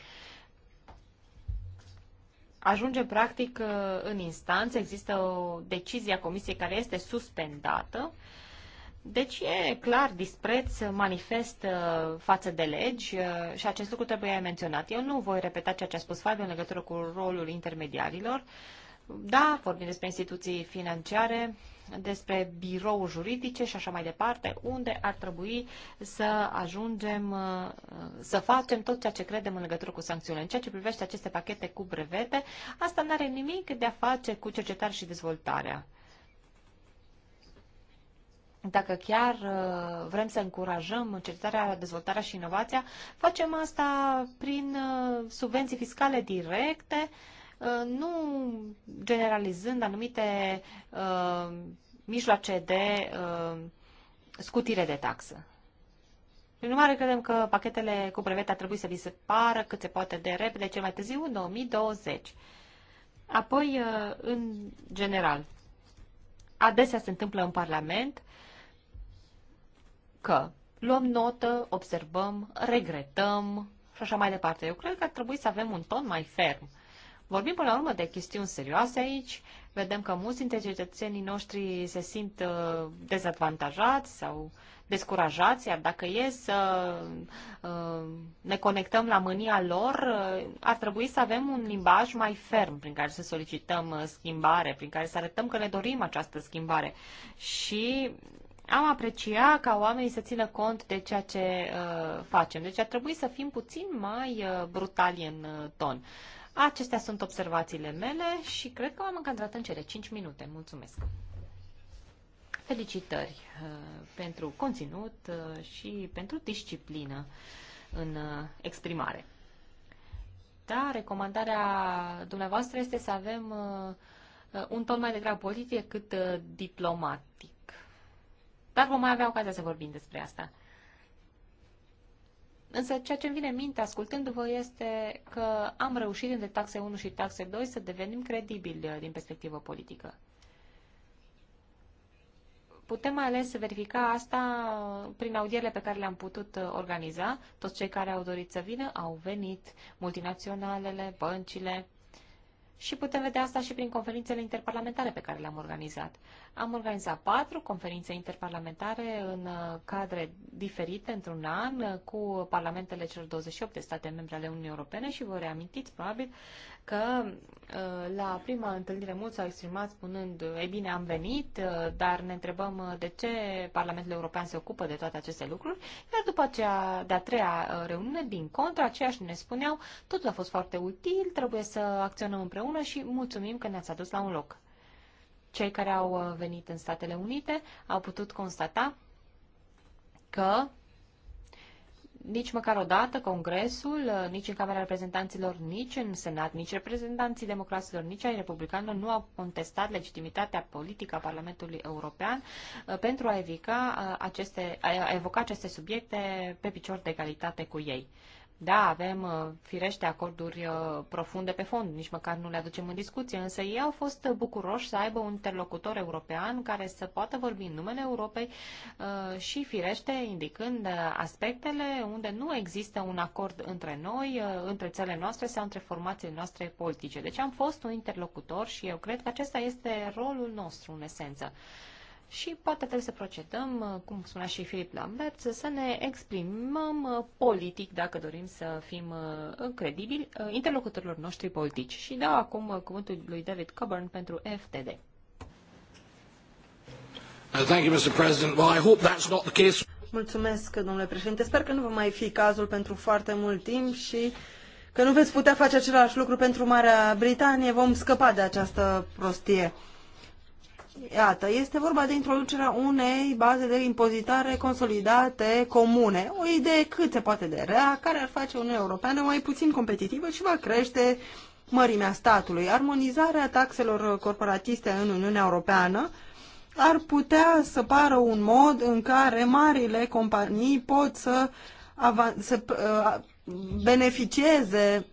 Ajunge practic în instanță, există o decizie a comisiei care este suspendată. Deci e clar dispreț manifest față de legi și acest lucru trebuie menționat. Eu nu voi repeta ceea ce a spus Fabio în legătură cu rolul intermediarilor. Da, vorbim despre instituții financiare, despre birouri juridice și așa mai departe, unde ar trebui să ajungem uh, să facem tot ceea ce credem în legătură cu sancțiunile. În ceea ce privește aceste pachete cu brevete, asta nu are nimic de a face cu cercetare și dezvoltarea dacă chiar uh, vrem să încurajăm cercetarea, dezvoltarea și inovația, facem asta prin uh, subvenții fiscale directe Uh, nu generalizând anumite uh, mijloace de uh, scutire de taxă. Prin urmare, credem că pachetele cu brevet ar trebui să pară cât se poate de repede, cel mai târziu în 2020. Apoi, uh, în general, adesea se întâmplă în Parlament că luăm notă, observăm, regretăm și așa mai departe. Eu cred că ar trebui să avem un ton mai ferm Vorbim până la urmă de chestiuni serioase aici. Vedem că mulți dintre cetățenii noștri se simt uh, dezavantajați sau descurajați, iar dacă e să uh, ne conectăm la mânia lor, uh, ar trebui să avem un limbaj mai ferm prin care să solicităm schimbare, prin care să arătăm că ne dorim această schimbare. Și am aprecia ca oamenii să țină cont de ceea ce uh, facem. Deci ar trebui să fim puțin mai uh, brutali în uh, ton. Uh, Acestea sunt observațiile mele și cred că m-am încadrat în cele 5 minute. Mulțumesc! Felicitări uh, pentru conținut uh, și pentru disciplină în uh, exprimare. Da, recomandarea dumneavoastră este să avem un ton mai degrabă politic uh, diplomatic. Dar vom mai avea ocazia să vorbim despre asta. Însă ceea ce îmi vine în minte ascultându-vă este că am reușit între taxe 1 și taxe 2 să devenim credibili uh, din perspectivă politică. Putem mai ales verifica asta uh, prin audierile pe care le-am putut uh, organiza. Toți cei care au dorit să vină au venit, multinaționalele, băncile, și putem vedea asta și prin conferințele interparlamentare pe care le-am organizat. Am organizat patru conferințe interparlamentare în uh, cadre diferite într-un an uh, cu parlamentele celor 28 de state membre ale Uniunii Europene și vă reamintiți probabil că uh, la prima întâlnire mulți au exprimat spunând, ei bine, am venit, dar ne întrebăm de ce Parlamentul European se ocupă de toate aceste lucruri, iar după aceea, de-a treia reuniune, din contra, aceiași ne spuneau, totul a fost foarte util, trebuie să acționăm împreună și mulțumim că ne-ați adus la un loc. Cei care au uh, venit în Statele Unite au putut constata că nici măcar o dată Congresul, uh, nici în Camera Reprezentanților, nici în Senat, nici reprezentanții democraților, nici ai republicanilor nu au contestat legitimitatea politică a Parlamentului European uh, pentru a, evica aceste, a evoca aceste subiecte pe picior de egalitate cu ei. Da, avem uh, firește acorduri uh, profunde pe fond, nici măcar nu le aducem în discuție, însă ei au fost uh, bucuroși să aibă un interlocutor european care să poată vorbi în numele Europei și firește indicând aspectele unde nu există un acord între noi, între țele noastre sau între formațiile noastre politice. Deci am fost un interlocutor și eu cred că acesta este rolul nostru în esență și poate trebuie să procedăm, uh, cum spunea și Filip Lambert, să ne exprimăm uh, politic, dacă dorim să fim uh, credibili, interlocutorilor noștri politici. Și dau acum cuvântul lui David Coburn pentru FTD. Thank you, Mr. President. Well, I hope that's not the case. Mulțumesc, domnule președinte. Sper că nu va mai fi cazul pentru foarte mult timp și că nu veți putea face același lucru pentru Marea Britanie. Vom scăpa de această prostie. Iată, este vorba de introducerea unei baze de impozitare consolidate comune. O idee cât se poate de rea, care ar face Uniunea Europeană mai puțin competitivă și va crește mărimea statului. Armonizarea taxelor corporatiste în Uniunea Europeană ar putea să pară un mod în care marile companii pot să, să uh, beneficieze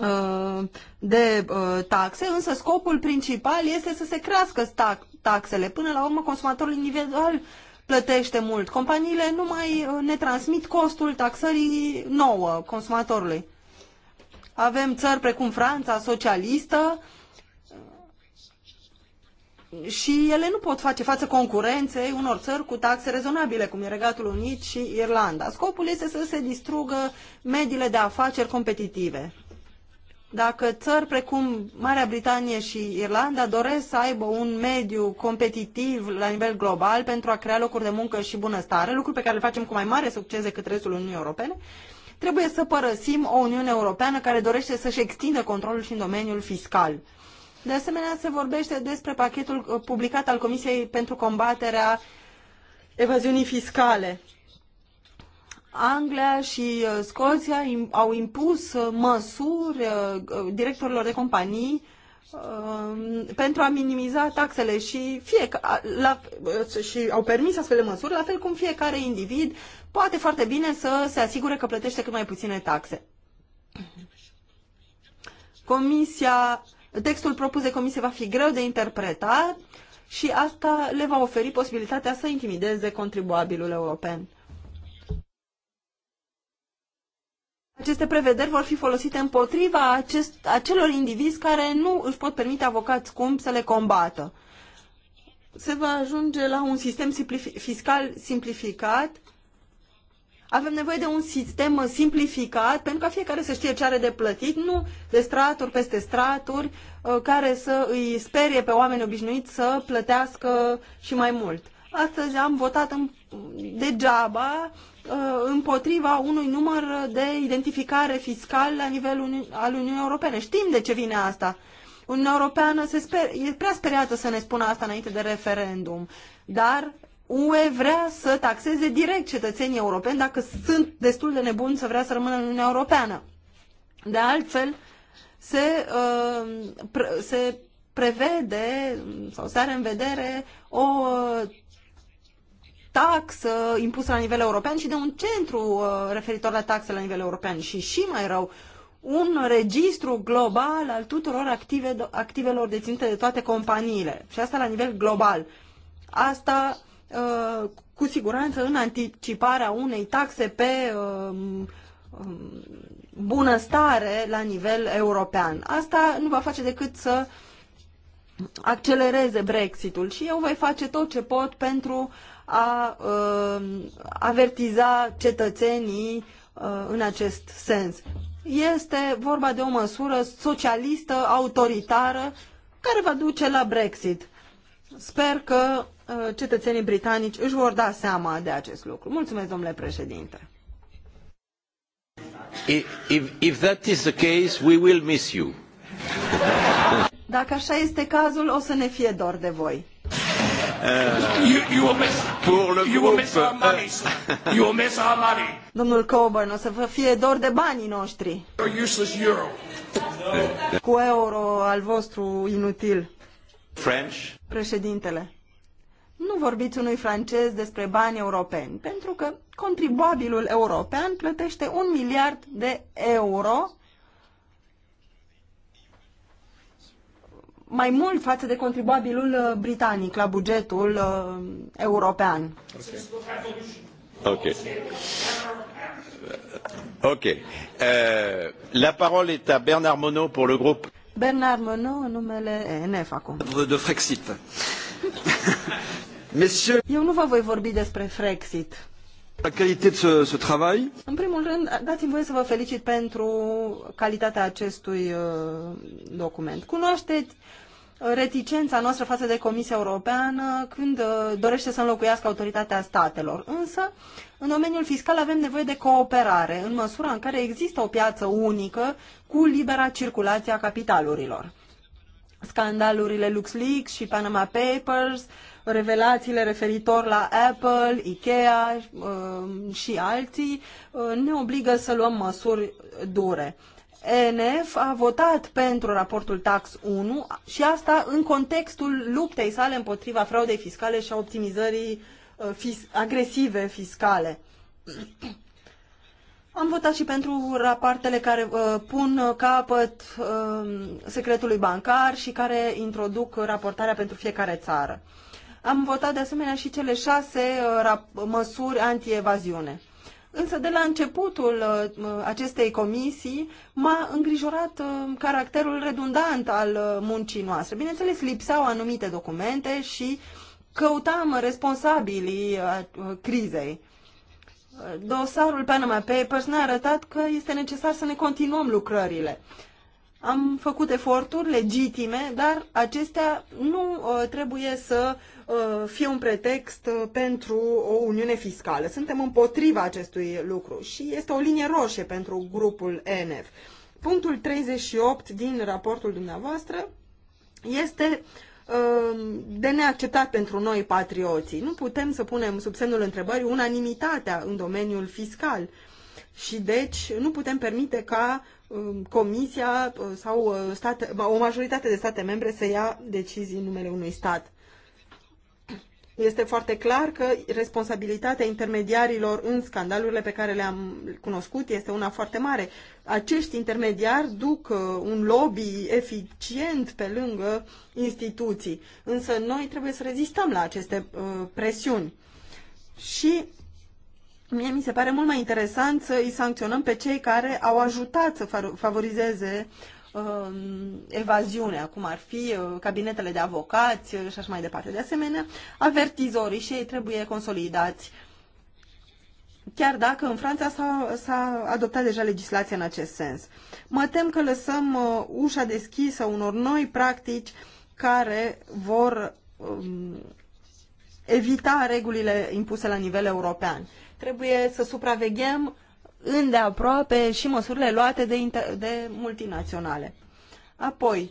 Uh, de uh, taxe, însă scopul principal este să se crească taxele. Până la urmă, consumatorul individual plătește mult. Companiile nu mai uh, ne transmit costul taxării nouă consumatorului. Avem țări precum Franța, socialistă, și ele nu pot face față concurenței unor țări cu taxe rezonabile, cum e Regatul Unit și Irlanda. Scopul este să se distrugă mediile de afaceri competitive. Dacă țări precum Marea Britanie și Irlanda doresc să aibă un mediu competitiv la nivel global pentru a crea locuri de muncă și bunăstare, lucru pe care îl facem cu mai mare succes decât restul Uniunii Europene, trebuie să părăsim o Uniune Europeană care dorește să-și extindă controlul și în domeniul fiscal. De asemenea, se vorbește despre pachetul uh, publicat al Comisiei pentru combaterea evaziunii fiscale. Anglia și uh, Scoția au impus uh, măsuri uh, directorilor de companii pentru a minimiza taxele și, fie, la, și au permis astfel de măsuri, la fel cum fiecare individ poate foarte bine să se asigure că plătește cât mai puține taxe. Comisia, textul propus de comisie va fi greu de interpretat și asta le va oferi posibilitatea să intimideze contribuabilul european. aceste prevederi vor fi folosite împotriva acest, acelor indivizi care nu își pot permite avocați scump să le combată. Se va ajunge la un sistem simplific, fiscal simplificat. Avem nevoie de un sistem simplificat pentru ca fiecare să știe ce are de plătit, nu de straturi peste straturi uh, care să îi sperie pe oameni obișnuiți să plătească și mai mult. Astăzi am votat în, degeaba uh, împotriva unui număr de identificare fiscal la nivelul Uni al Uniunii Europene. Știm de ce vine asta. Uniunea Europeană se sper, e prea speriată să ne spună asta înainte de referendum, dar UE vrea să taxeze direct cetățenii europeni dacă sunt destul de nebuni să vrea să rămână în Uniunea Europeană. De altfel, se, uh, pre, se prevede sau se are în vedere o taxă impusă la nivel european și de un centru uh, referitor la taxe la nivel european. Și și mai rău, un registru global al tuturor active, activelor deținute de toate companiile. Și asta la nivel global. Asta uh, cu siguranță în anticiparea unei taxe pe um, um, bunăstare la nivel european. Asta nu va face decât să accelereze Brexitul și eu voi face tot ce pot pentru a avertiza cetățenii în acest sens. Este vorba de o măsură socialistă, autoritară, care va duce la Brexit. Sper că cetățenii britanici își vor da seama de acest lucru. Mulțumesc, domnule președinte. If, if that is the case, we will miss you. Dacă așa este cazul, o să ne fie dor de voi. Domnul Coburn, o să vă fie dor de banii noștri. Euro. Cu euro al vostru inutil. French. Președintele, nu vorbiți unui francez despre bani europeni, pentru că contribuabilul european plătește un miliard de euro mai mult față de contribuabilul uh, britanic la bugetul uh, european. Ok. Uh, ok. Uh, la parole est à Bernard Monod pour le groupe. Bernard Monod, numele ENF acum. De Frexit. Monsieur... Eu nu vă voi vorbi despre Frexit. La calitate de ce, ce travail. În primul rând, dați-mi voie să vă felicit pentru calitatea acestui uh, document. Cunoașteți reticența noastră față de Comisia Europeană când uh, dorește să înlocuiască autoritatea statelor. Însă, în domeniul fiscal avem nevoie de cooperare, în măsura în care există o piață unică cu libera circulație a capitalurilor. Scandalurile LuxLeaks și Panama Papers, revelațiile referitor la Apple, Ikea uh, și alții uh, ne obligă să luăm măsuri dure. ENF a votat pentru raportul Tax 1 și asta în contextul luptei sale împotriva fraudei fiscale și a optimizării uh, fis- agresive fiscale. Am votat și pentru rapoartele care uh, pun capăt uh, secretului bancar și care introduc raportarea pentru fiecare țară. Am votat de asemenea și cele șase uh, măsuri antievaziune. Însă de la începutul uh, acestei comisii m-a îngrijorat uh, caracterul redundant al uh, muncii noastre. Bineînțeles, lipsau anumite documente și căutam responsabilii crizei. Dosarul Panama Papers ne-a arătat că este necesar să ne continuăm lucrările. Am făcut eforturi legitime, dar acestea nu uh, trebuie să uh, fie un pretext uh, pentru o uniune fiscală. Suntem împotriva acestui lucru și este o linie roșie pentru grupul ENF. Punctul 38 din raportul dumneavoastră este uh, de neacceptat pentru noi patrioții. Nu putem să punem sub semnul întrebării unanimitatea în domeniul fiscal și deci nu putem permite ca Um, comisia uh, sau uh, state, o majoritate de state membre să ia decizii în numele unui stat. Este foarte clar că responsabilitatea intermediarilor în scandalurile pe care le-am cunoscut este una foarte mare. Acești intermediari duc uh, un lobby eficient pe lângă instituții, însă noi trebuie să rezistăm la aceste presiuni. Și Mie mi se pare mult mai interesant să îi sancționăm pe cei care au ajutat să favorizeze uh, um, evaziunea, cum ar fi uh, cabinetele de avocați uh, și așa mai departe. De asemenea, avertizorii și ei trebuie consolidați. Chiar dacă în Franța s-a, adoptat deja legislația în acest sens. Mă tem că lăsăm uh, ușa deschisă unor noi practici care vor um, evita regulile impuse la nivel european. Trebuie să supraveghem îndeaproape și măsurile luate de, inter- de multinaționale. Apoi,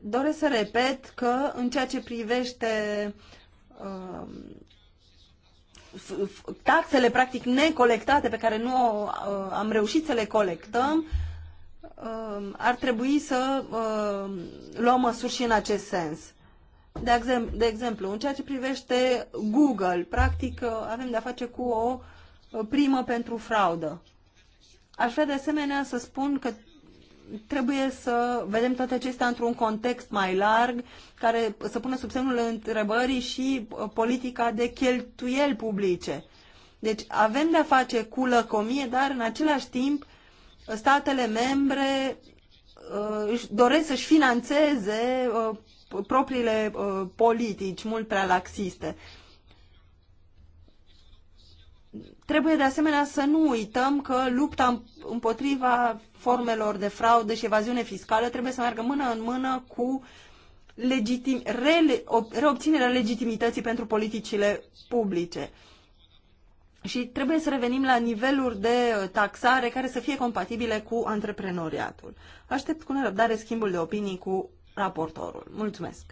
doresc să repet că în ceea ce privește uh, taxele practic necolectate pe care nu uh, am reușit să le colectăm, uh, ar trebui să um, luăm măsuri și în acest sens de, exemplu, de exemplu, în ceea ce privește Google, practic uh, avem de-a face cu o uh, primă pentru fraudă. Aș vrea de asemenea să spun că trebuie să vedem toate acestea într-un context mai larg, care să pună sub semnul întrebării și uh, politica de cheltuieli publice. Deci avem de-a face cu lăcomie, dar în același timp statele membre uh, își doresc să-și financeze uh, propriile uh, politici mult prea laxiste. Trebuie de asemenea să nu uităm că lupta împotriva formelor de fraudă și evaziune fiscală trebuie să meargă mână în mână cu legitim, re, reobținerea legitimității pentru politicile publice. Și trebuie să revenim la niveluri de uh, taxare care să fie compatibile cu antreprenoriatul. Aștept cu nerăbdare schimbul de opinii cu raportorul. Mulțumesc.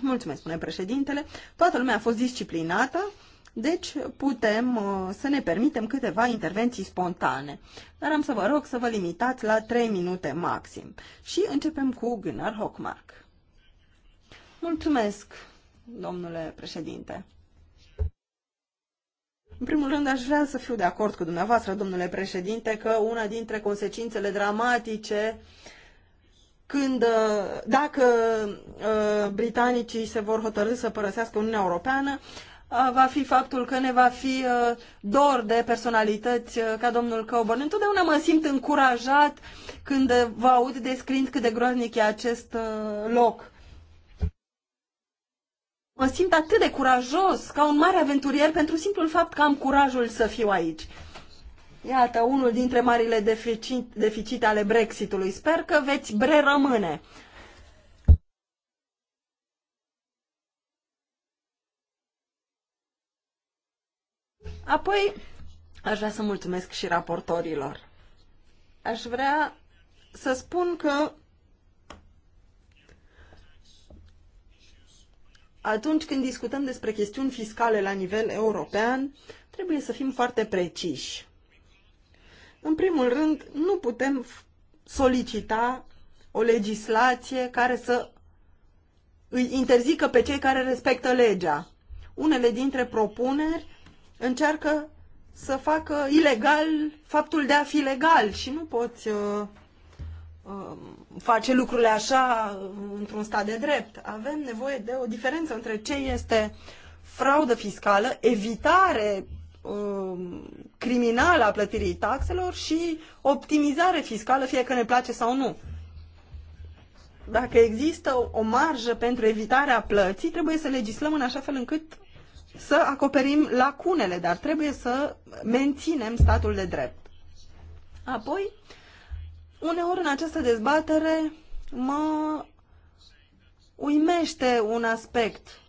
Mulțumesc, spune președintele. Toată lumea a fost disciplinată, deci putem uh, să ne permitem câteva intervenții spontane. Dar am să vă rog să vă limitați la 3 minute maxim. Și începem cu Gunnar Hockmark. Mulțumesc, domnule președinte. În primul rând, aș vrea să fiu de acord cu dumneavoastră, domnule președinte, că una dintre consecințele dramatice uh, când, uh, dacă uh, britanicii se vor hotărâ să părăsească Uniunea Europeană, uh, va fi faptul că ne va fi dor de personalități ca domnul Coburn. Întotdeauna mă simt încurajat când vă aud descrind cât de groaznic e acest loc. Mă simt atât de curajos, ca un mare aventurier, pentru simplul fapt că am curajul să fiu aici. Iată, unul dintre marile deficit, deficite ale Brexitului. Sper că veți bre rămâne. Apoi, aș vrea să mulțumesc și raportorilor. Aș vrea să spun că atunci când discutăm despre chestiuni fiscale la nivel european, trebuie să fim foarte preciși. În primul rând, nu putem solicita o legislație care să îi interzică pe cei care respectă legea. Unele dintre propuneri încearcă să facă ilegal faptul de a fi legal și nu poți uh, uh, face lucrurile așa uh, într-un stat de drept. Avem nevoie de o diferență între ce este fraudă fiscală, evitare uh, criminală a plătirii taxelor și optimizare fiscală, fie că ne place sau nu. Dacă există o marjă pentru evitarea plății, trebuie să legislăm în așa fel încât să acoperim lacunele, dar trebuie să menținem statul de drept. Apoi, uneori în această dezbatere mă uimește un aspect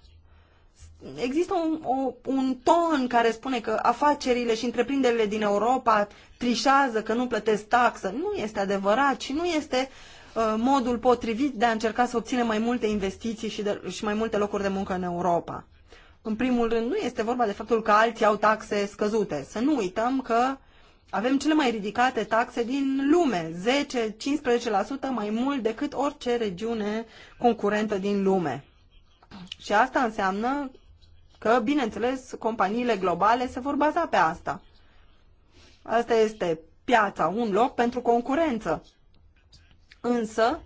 există un, o, un ton care spune că afacerile și întreprinderile din Europa trișează, că nu plătesc taxă. Nu este adevărat și nu este uh, modul potrivit de a încerca să obține mai multe investiții și, de, și mai multe locuri de muncă în Europa. În primul rând, nu este vorba de faptul că alții au taxe scăzute. Să nu uităm că avem cele mai ridicate taxe din lume, 10-15% mai mult decât orice regiune concurentă din lume. Și asta înseamnă că, bineînțeles, companiile globale se vor baza pe asta. Asta este piața, un loc pentru concurență. Însă,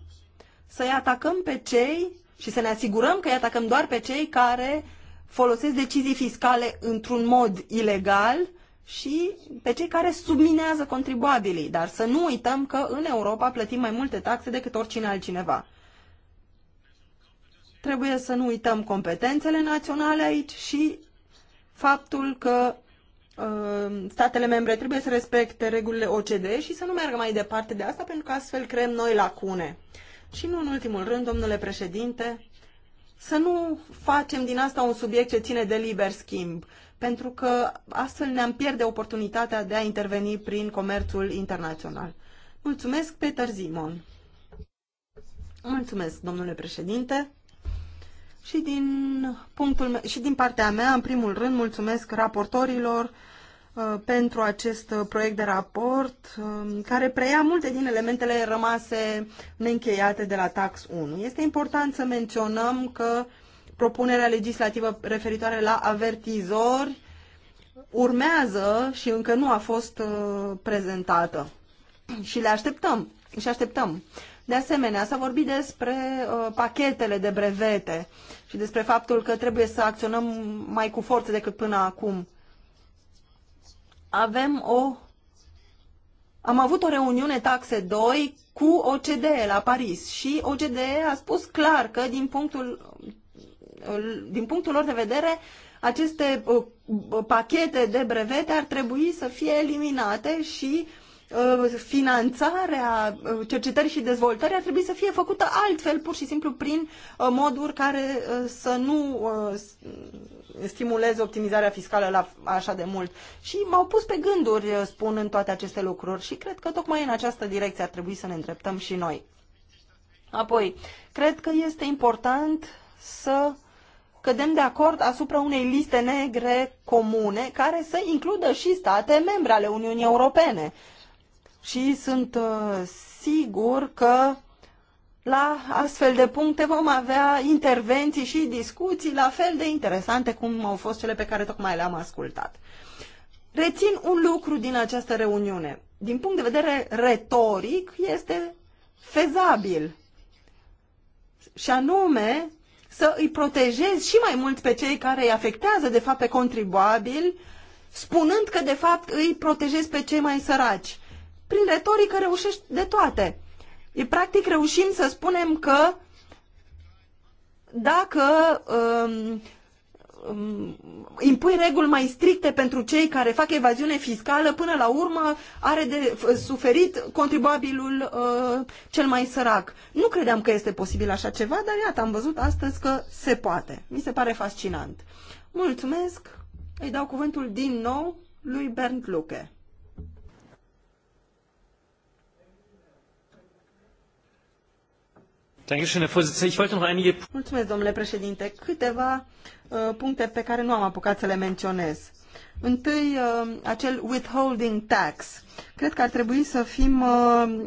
să-i atacăm pe cei și să ne asigurăm că îi atacăm doar pe cei care folosesc decizii fiscale într-un mod ilegal și pe cei care subminează contribuabilii. Dar să nu uităm că în Europa plătim mai multe taxe decât oricine altcineva. Trebuie să nu uităm competențele naționale aici și faptul că uh, statele membre trebuie să respecte regulile OCDE și să nu meargă mai departe de asta, pentru că astfel creăm noi lacune. Și nu în ultimul rând, domnule președinte, să nu facem din asta un subiect ce ține de liber schimb, pentru că astfel ne-am pierde oportunitatea de a interveni prin comerțul internațional. Mulțumesc, Peter Zimon. Mulțumesc, domnule președinte. Și din, punctul meu, și din partea mea, în primul rând, mulțumesc raportorilor uh, pentru acest uh, proiect de raport, uh, care preia multe din elementele rămase neîncheiate de la Tax 1. Este important să menționăm că propunerea legislativă referitoare la avertizori urmează și încă nu a fost uh, prezentată. Și le așteptăm. Și așteptăm. De asemenea, s-a vorbit despre uh, pachetele de brevete și despre faptul că trebuie să acționăm mai cu forță decât până acum. Avem o... Am avut o reuniune taxe 2 cu OCDE la Paris și OCDE a spus clar că din punctul, din punctul lor de vedere aceste uh, pachete de brevete ar trebui să fie eliminate și Uh, finanțarea uh, cercetării și dezvoltării ar trebui să fie făcută altfel, pur și simplu prin uh, moduri care să nu stimuleze optimizarea fiscală la așa de mult. Și m-au pus pe gânduri spun în toate aceste lucruri și cred că tocmai în această direcție ar trebui să ne îndreptăm și noi. Apoi, cred că este important să cădem de acord asupra unei liste negre comune care să includă și state membre ale Uniunii Europene și sunt uh, sigur că la astfel de puncte vom avea intervenții și discuții la fel de interesante cum au fost cele pe care tocmai le-am ascultat. Rețin un lucru din această reuniune. Din punct de vedere retoric, este fezabil. Și anume, să îi protejezi și mai mult pe cei care îi afectează, de fapt, pe contribuabil, spunând că, de fapt, îi protejezi pe cei mai săraci prin retorică reușești de toate. E, practic reușim să spunem că dacă um, um, impui reguli mai stricte pentru cei care fac evaziune fiscală, până la urmă are de suferit contribuabilul uh, cel mai sărac. Nu credeam că este posibil așa ceva, dar iată, am văzut astăzi că se poate. Mi se pare fascinant. Mulțumesc! Îi dau cuvântul din nou lui Bernd Luke. Mulțumesc, domnule președinte. Câteva uh, puncte pe care nu am apucat să le menționez. Întâi, uh, acel withholding tax. Cred că ar trebui să fim uh,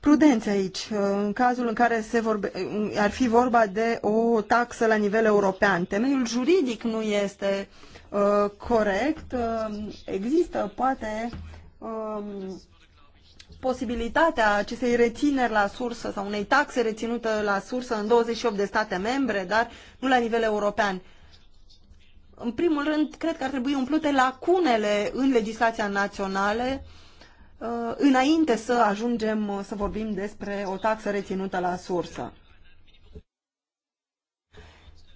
prudenți aici, uh, în cazul în care se vorbe, ar fi vorba de o taxă la nivel european. Temeiul juridic nu este corect. există, poate, um, posibilitatea acestei rețineri la sursă sau unei taxe reținută la sursă în 28 de state membre, dar nu la nivel european. În primul rând, cred că ar trebui umplute lacunele în legislația națională uh, înainte să ajungem uh, să vorbim despre o taxă reținută la sursă.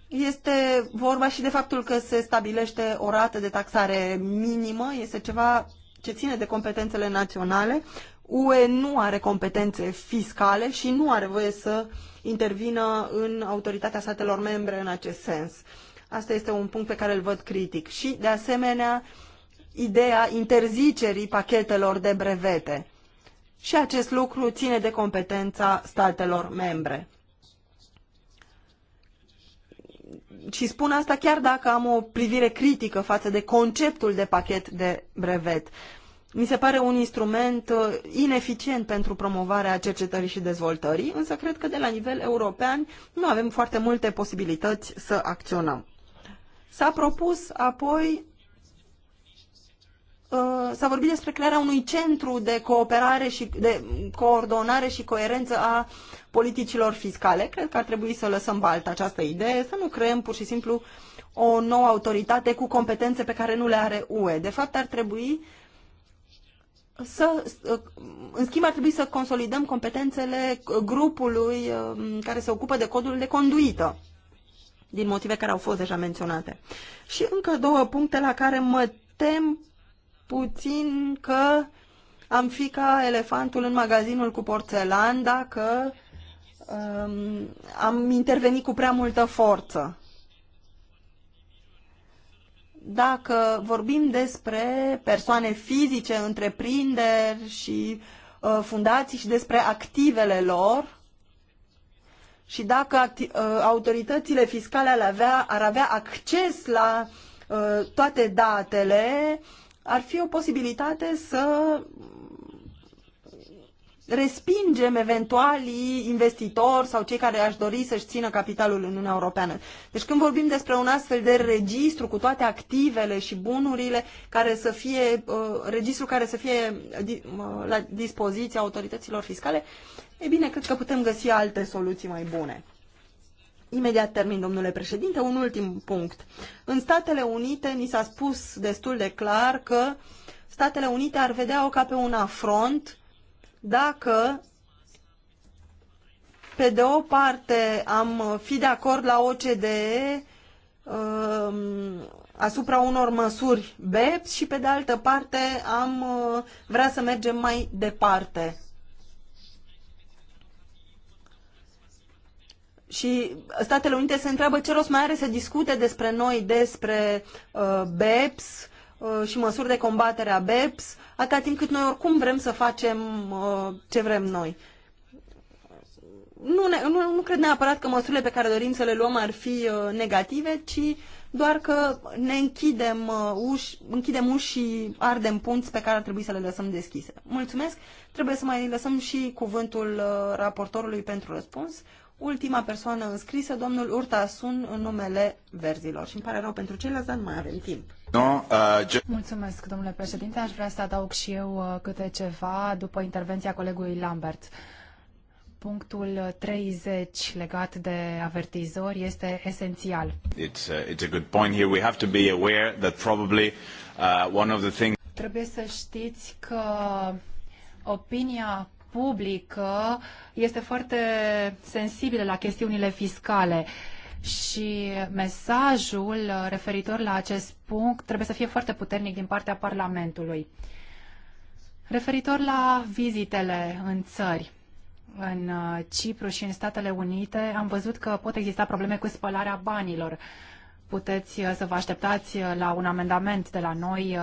Este vorba și de faptul că se stabilește o rată de taxare minimă, este ceva ce ține de competențele naționale. UE nu are competențe fiscale și nu are voie să intervină în autoritatea statelor membre în acest sens. Asta este un punct pe care îl văd critic. Și, de asemenea, ideea interzicerii pachetelor de brevete. Și acest lucru ține de competența statelor membre. Și spun asta chiar dacă am o privire critică față de conceptul de pachet de brevet mi se pare un instrument uh, ineficient pentru promovarea cercetării și dezvoltării, însă cred că de la nivel european nu avem foarte multe posibilități să acționăm. S-a propus apoi uh, s-a vorbit despre crearea unui centru de cooperare și de coordonare și coerență a politicilor fiscale. Cred că ar trebui să lăsăm baltă această idee, să nu creăm pur și simplu o nouă autoritate cu competențe pe care nu le are UE. De fapt, ar trebui uh, să, în schimb, ar trebui să consolidăm competențele grupului um, care se ocupă de codul de conduită, din motive care au fost deja menționate. Și încă două puncte la care mă tem puțin că am fi ca elefantul în magazinul cu porțelan dacă um, am intervenit cu prea multă forță. Dacă vorbim despre persoane fizice, întreprinderi și uh, fundații și despre activele lor, și dacă uh, autoritățile fiscale ar avea, ar avea acces la uh, toate datele, ar fi o posibilitate să respingem eventualii investitori sau cei care aș dori să-și țină capitalul în Uniunea Europeană. Deci când vorbim despre un astfel de registru cu toate activele și bunurile care să fie, uh, registru care să fie uh, uh, la dispoziția autorităților fiscale, e bine, cred că putem găsi alte soluții mai bune. Imediat termin, domnule președinte, un ultim punct. În Statele Unite ni s-a spus destul de clar că Statele Unite ar vedea-o ca pe un afront dacă pe de o parte am fi de acord la OCDE um, asupra unor măsuri BEPS și pe de altă parte am uh, vrea să mergem mai departe. Și Statele Unite se întreabă ce rost mai are să discute despre noi, despre uh, BEPS, Uh, și măsuri de combatere a BEPS, atâta timp cât noi oricum vrem să facem uh, ce vrem noi. Nu, ne, nu, nu cred neapărat că măsurile pe care dorim să le luăm ar fi uh, negative, ci doar că ne închidem uș închidem uși și ardem punți pe care ar trebui să le lăsăm deschise. Mulțumesc! Trebuie să mai lăsăm și cuvântul raportorului pentru răspuns. Ultima persoană înscrisă, domnul Sun, în numele verzilor. Și îmi pare rău pentru ceilalți, dar nu mai avem timp. No, uh, Mulțumesc, domnule președinte. Aș vrea să adaug și eu uh, câte ceva după intervenția colegului Lambert. Punctul 30 legat de avertizori este esențial. It's, uh, it's a good point here. We have to be aware that probably uh, one of the things... Trebuie să știți că opinia publică este foarte sensibilă la chestiunile fiscale și mesajul referitor la acest punct trebuie să fie foarte puternic din partea Parlamentului. Referitor la vizitele în țări, în uh, Cipru și în Statele Unite, am văzut că pot exista probleme cu spălarea banilor. Puteți uh, să vă așteptați uh, la un amendament de la noi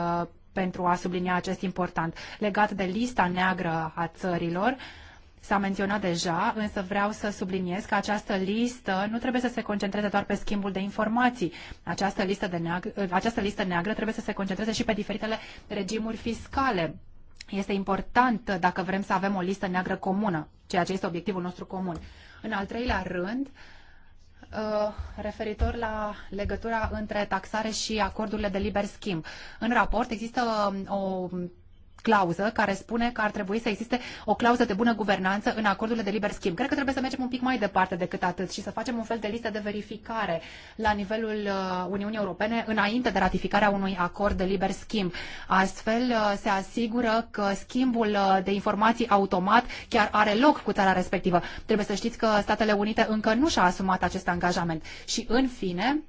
pentru a sublinia acest important. Legat de lista neagră a țărilor, S-a menționat deja, însă vreau să subliniez că această listă nu trebuie să se concentreze doar pe schimbul de informații. Această listă, de neagră, această listă neagră trebuie să se concentreze și pe diferitele regimuri fiscale. Este important dacă vrem să avem o listă neagră comună, ceea ce este obiectivul nostru comun. În al treilea rând, uh, Uh, referitor la legătura între taxare și acordurile de liber schimb. În raport există um, o clauză care spune că ar trebui să existe o clauză de bună guvernanță în acordurile de liber schimb. Cred că trebuie să mergem un pic mai departe decât atât și să facem un fel de listă de verificare la nivelul uh, Uniunii Europene înainte de ratificarea unui acord de liber schimb. Astfel uh, se asigură că schimbul uh, de informații automat chiar are loc cu țara respectivă. Trebuie să știți că Statele Unite încă nu și-a asumat acest angajament. Și în fine,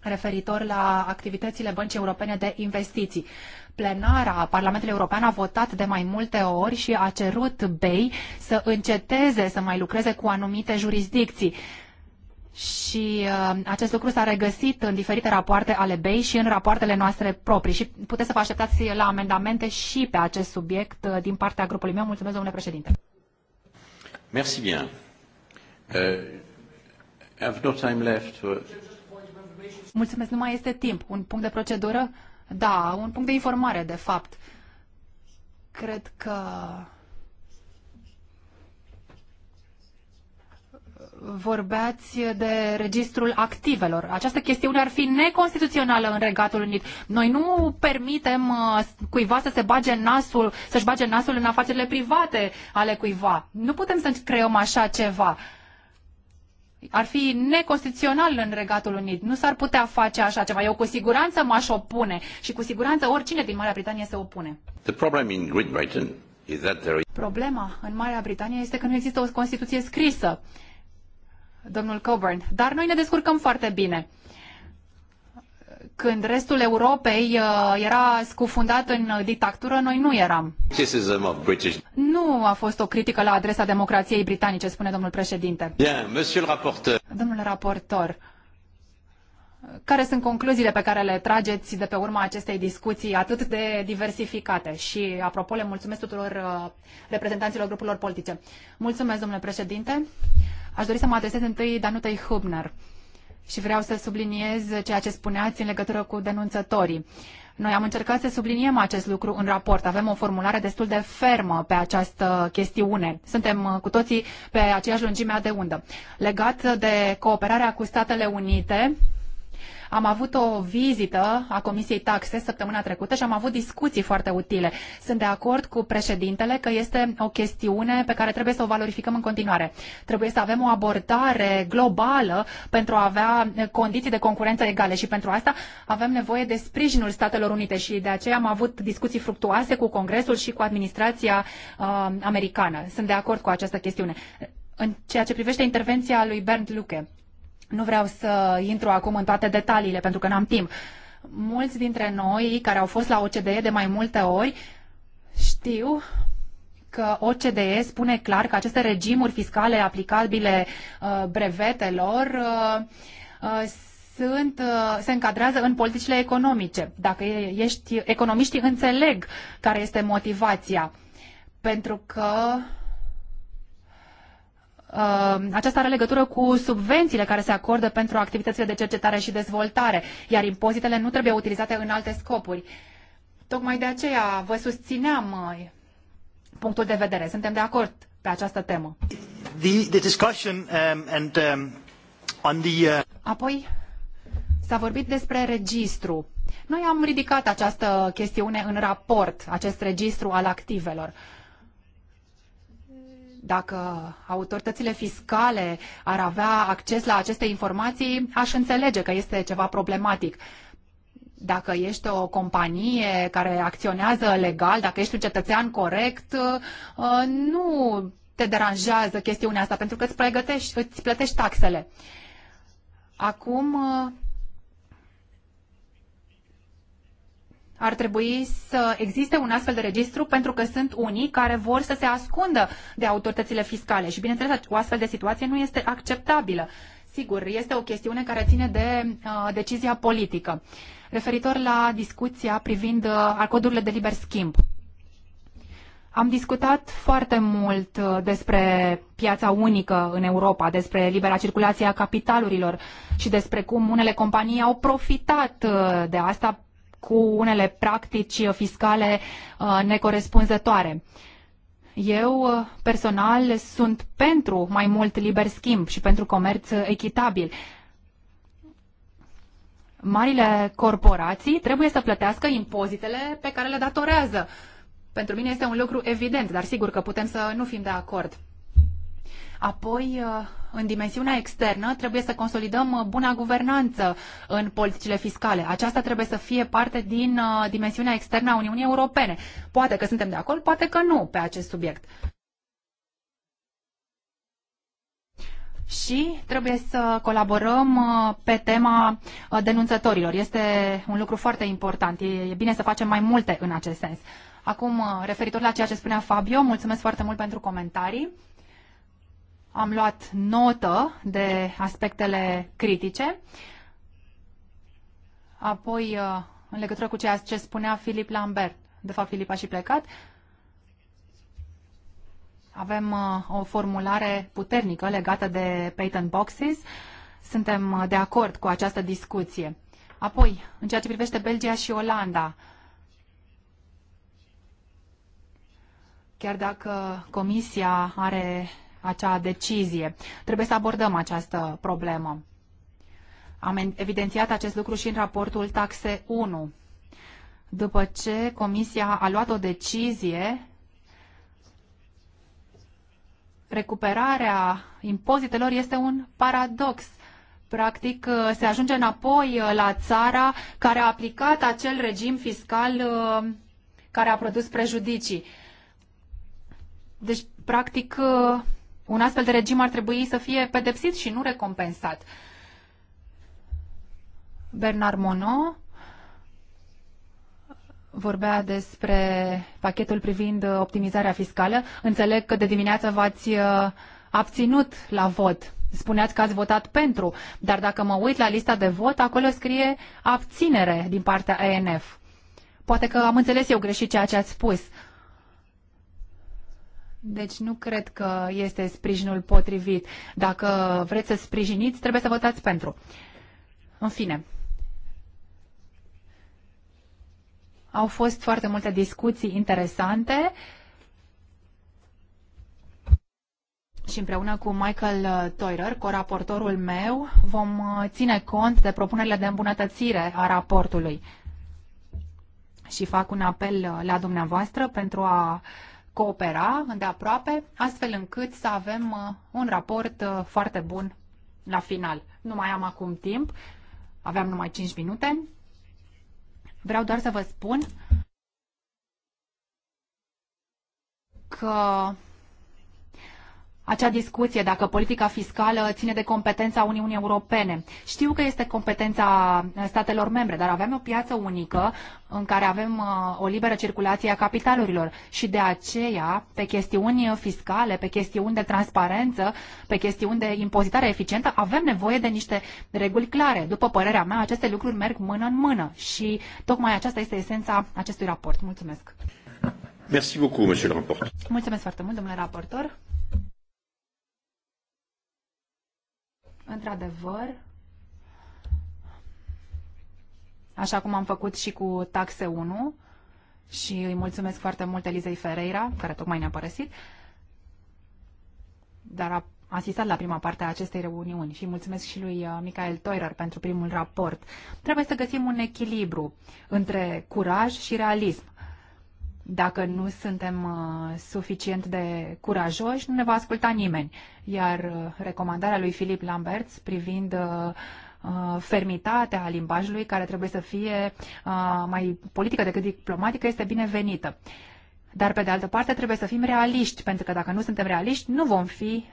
referitor la activitățile Băncii Europene de Investiții. Plenara Parlamentului European a votat de mai multe ori și a cerut BEI să înceteze să mai lucreze cu anumite jurisdicții. Și uh, acest lucru s-a regăsit în diferite rapoarte ale BEI și în rapoartele noastre proprii. Și puteți să vă așteptați la amendamente și pe acest subiect uh, din partea grupului meu. Mulțumesc, domnule președinte. Merci bien. Uh, I have no time left. Mulțumesc, nu mai este timp. Un punct de procedură? Da, un punct de informare, de fapt. Cred că uh, vorbeați de registrul activelor. Această chestiune ar fi neconstituțională în Regatul Unit. Noi nu permitem uh, cuiva să se bage nasul, să-și bage nasul în afacerile private ale cuiva. Nu putem să creăm așa ceva. Uh, ar fi neconstituțional în Regatul Unit. Nu s-ar putea face așa ceva. Eu cu siguranță m-aș opune și cu siguranță oricine din Marea Britanie se opune. The problem in Great Britain is that there is... Problema în Marea Britanie este că nu există o Constituție scrisă, domnul Coburn. Dar noi ne descurcăm foarte bine când restul Europei uh, era scufundat în dictatură, noi nu eram. Nu a fost o critică la adresa democrației britanice, spune domnul președinte. Bien, monsieur le rapporteur. Domnule raportor, care sunt concluziile pe care le trageți de pe urma acestei discuții atât de diversificate? Și, apropo, le mulțumesc tuturor uh, reprezentanților grupurilor politice. Mulțumesc, domnule președinte. Aș dori să mă adresez întâi Danutei Hubner și vreau să subliniez ceea ce spuneați în legătură cu denunțătorii. Noi am încercat să subliniem acest lucru în raport. Avem o formulare destul de fermă pe această chestiune. Suntem uh, cu toții pe aceeași lungime de undă. Legat de cooperarea cu Statele Unite, am avut o vizită a Comisiei Taxe săptămâna trecută și am avut discuții foarte utile. Sunt de acord cu președintele că este o chestiune pe care trebuie să o valorificăm în continuare. Trebuie să avem o abordare globală pentru a avea condiții de concurență egale și pentru asta avem nevoie de sprijinul Statelor Unite și de aceea am avut discuții fructuoase cu Congresul și cu administrația uh, americană. Sunt de acord cu această chestiune. În ceea ce privește intervenția lui Bernd Lucke, nu vreau să intru acum în toate detaliile, pentru că n-am timp. Mulți dintre noi care au fost la OCDE de mai multe ori știu că OCDE spune clar că aceste regimuri fiscale aplicabile uh, brevetelor uh, uh, sunt, se încadrează în politicile economice. Dacă ești economiști, înțeleg care este motivația. Pentru că Uh, aceasta are legătură cu subvențiile care se acordă pentru activitățile de cercetare și dezvoltare, iar impozitele nu trebuie utilizate în alte scopuri. Tocmai de aceea vă susțineam uh, punctul de vedere. Suntem de acord pe această temă. The, the discussion, um, and, um, on the, uh... Apoi s-a vorbit despre registru. Noi am ridicat această chestiune în raport, acest registru al activelor. Uh, dacă autoritățile fiscale ar avea acces la aceste informații, aș înțelege că este ceva problematic. Dacă ești o companie care acționează legal, dacă ești un cetățean corect, uh, nu te deranjează chestiunea asta pentru că îți, pregătești, îți plătești taxele. Acum uh, ar trebui să existe un astfel de registru pentru că sunt unii care vor să se ascundă de autoritățile fiscale și, bineînțeles, o astfel de situație nu este acceptabilă. Sigur, este o chestiune care ține de uh, decizia politică. Referitor la discuția privind uh, acordurile de liber schimb, am discutat foarte mult uh, despre piața unică în Europa, despre libera circulație a capitalurilor și despre cum unele companii au profitat uh, de asta cu unele practici fiscale uh, necorespunzătoare. Eu uh, personal sunt pentru mai mult liber schimb și pentru comerț echitabil. Marile corporații trebuie să plătească impozitele pe care le datorează. Pentru mine este un lucru evident, dar sigur că putem să nu fim de acord. Apoi, uh, în dimensiunea externă, trebuie să consolidăm uh, buna guvernanță în politicile fiscale. Aceasta trebuie să fie parte din uh, dimensiunea externă a Uniunii Europene. Poate că suntem de acord, poate că nu pe acest subiect. și trebuie să colaborăm pe tema denunțătorilor. Este un lucru foarte important. E bine să facem mai multe în acest sens. Acum, referitor la ceea ce spunea Fabio, mulțumesc foarte mult pentru comentarii. Am luat notă de aspectele critice. Apoi, uh, în legătură cu ceea ce spunea Filip Lambert, de fapt Filip a și plecat, avem uh, o formulare puternică legată de patent boxes. Suntem uh, de acord cu această discuție. Apoi, în ceea ce privește Belgia și Olanda, chiar dacă Comisia are acea decizie. Trebuie să abordăm această problemă. Am evidențiat acest lucru și în raportul Taxe 1. După ce Comisia a luat o decizie, recuperarea impozitelor este un paradox. Practic, uh, se ajunge înapoi uh, la țara care a aplicat acel regim fiscal uh, care a produs prejudicii. Deci, practic, un astfel de regim ar trebui să fie pedepsit și nu recompensat. Bernard Monod vorbea despre pachetul privind optimizarea fiscală. Înțeleg că de dimineață v-ați uh, abținut la vot. Spuneați că ați votat pentru, dar dacă mă uit la lista de vot, acolo scrie abținere din partea ENF. Poate că am înțeles eu greșit ceea ce ați spus, deci nu cred că este sprijinul potrivit. Dacă vreți să sprijiniți, trebuie să votați pentru. În fine, au fost foarte multe discuții interesante și împreună cu Michael Toirer, coraportorul meu, vom uh, ține cont de propunerile de îmbunătățire a raportului. Și fac un apel uh, la dumneavoastră pentru a uh, coopera îndeaproape, astfel încât să avem uh, un raport uh, foarte bun la final. Nu mai am acum timp, aveam numai 5 minute. Vreau doar să vă spun că acea discuție dacă politica fiscală ține de competența Uniunii Europene. Știu că este competența uh, statelor membre, dar avem o piață unică în care avem uh, o liberă circulație a capitalurilor și de aceea pe chestiuni fiscale, pe chestiuni de transparență, pe chestiuni de impozitare eficientă, avem nevoie de niște reguli clare. După părerea mea, aceste lucruri merg mână în mână și tocmai aceasta este esența acestui raport. Mulțumesc! Merci beaucoup, monsieur le rapporteur. Mulțumesc foarte mult, domnule raportor. Într-adevăr, așa cum am făcut și cu taxe 1 și îi mulțumesc foarte mult Elizei Ferreira, care tocmai ne-a părăsit, dar a asistat la prima parte a acestei reuniuni și mulțumesc și lui uh, Michael Toirer pentru primul raport. Trebuie să găsim un echilibru între curaj și realism. Dacă nu suntem uh, suficient de curajoși, nu ne va asculta nimeni. Iar uh, recomandarea lui Filip Lamberts privind uh, fermitatea limbajului, care trebuie să fie mai politică decât diplomatică, este binevenită. Dar, pe de altă parte, trebuie să fim realiști, pentru că dacă nu suntem realiști, nu vom fi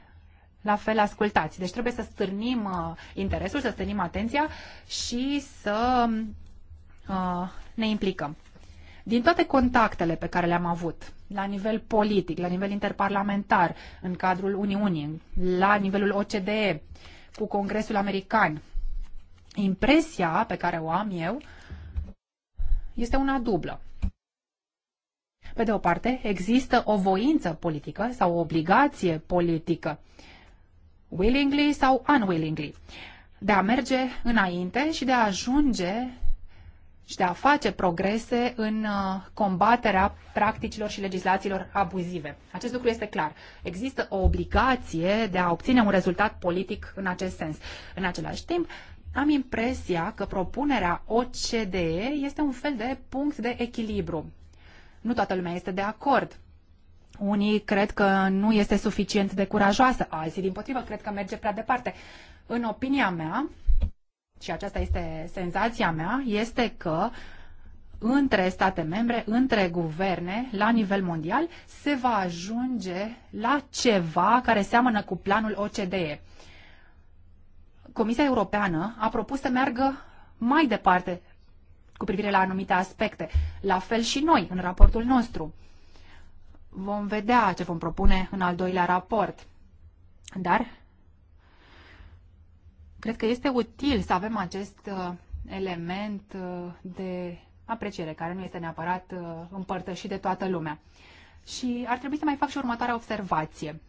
la fel ascultați. Deci trebuie să stârnim interesul, să stârnim atenția și să ne implicăm. Din toate contactele pe care le-am avut, la nivel politic, la nivel interparlamentar, în cadrul Uniunii, la nivelul OCDE, cu Congresul American, impresia pe care o am eu este una dublă. Pe de o parte, există o voință politică sau o obligație politică, willingly sau unwillingly, de a merge înainte și de a ajunge și de a face progrese în uh, combaterea practicilor și legislațiilor abuzive. Acest lucru este clar. Există o obligație de a obține un rezultat politic în acest sens. În același timp, am impresia că propunerea OCDE este un fel de punct de echilibru. Nu toată lumea este de acord. Unii cred că nu este suficient de curajoasă, alții, din potrivă, cred că merge prea departe. În opinia mea, și aceasta este senzația mea, este că între state membre, între guverne, la nivel mondial, se va ajunge la ceva care seamănă cu planul OCDE. Comisia Europeană a propus să meargă mai departe cu privire la anumite aspecte. La fel și noi, în raportul nostru. Vom vedea ce vom propune în al doilea raport. Dar Cred că este util să avem acest uh, element uh, de apreciere, care nu este neapărat uh, împărtășit de toată lumea. Și ar trebui să mai fac și următoarea observație.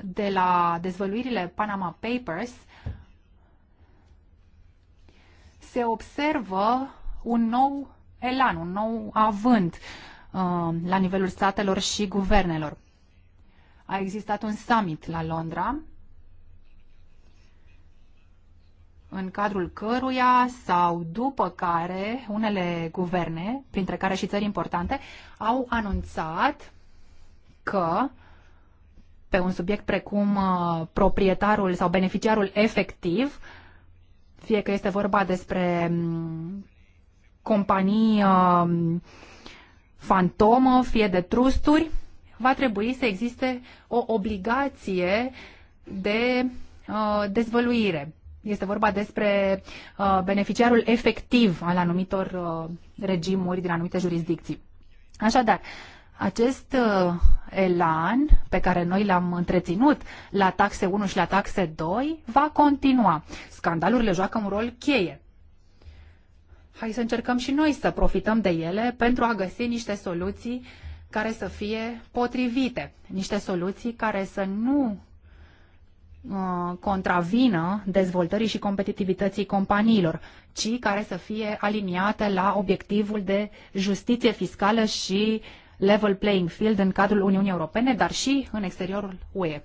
De la dezvăluirile Panama Papers se observă un nou elan, un nou avânt la nivelul statelor și guvernelor. A existat un summit la Londra în cadrul căruia sau după care unele guverne, printre care și țări importante, au anunțat că pe un subiect precum uh, proprietarul sau beneficiarul efectiv, fie că este vorba despre mm, companii uh, fantomă, fie de trusturi, va trebui să existe o obligație de uh, dezvăluire. Este vorba despre uh, beneficiarul efectiv al anumitor uh, regimuri din anumite jurisdicții. Așadar, acest uh, elan pe care noi l-am întreținut la taxe 1 și la taxe 2 va continua. Scandalurile joacă un rol cheie. Hai să încercăm și noi să profităm de ele pentru a găsi niște soluții care să fie potrivite, niște soluții care să nu Uh, contravină dezvoltării și competitivității companiilor, ci care să fie aliniate la obiectivul de justiție fiscală și level playing field în cadrul Uniunii Europene, dar și în exteriorul UE.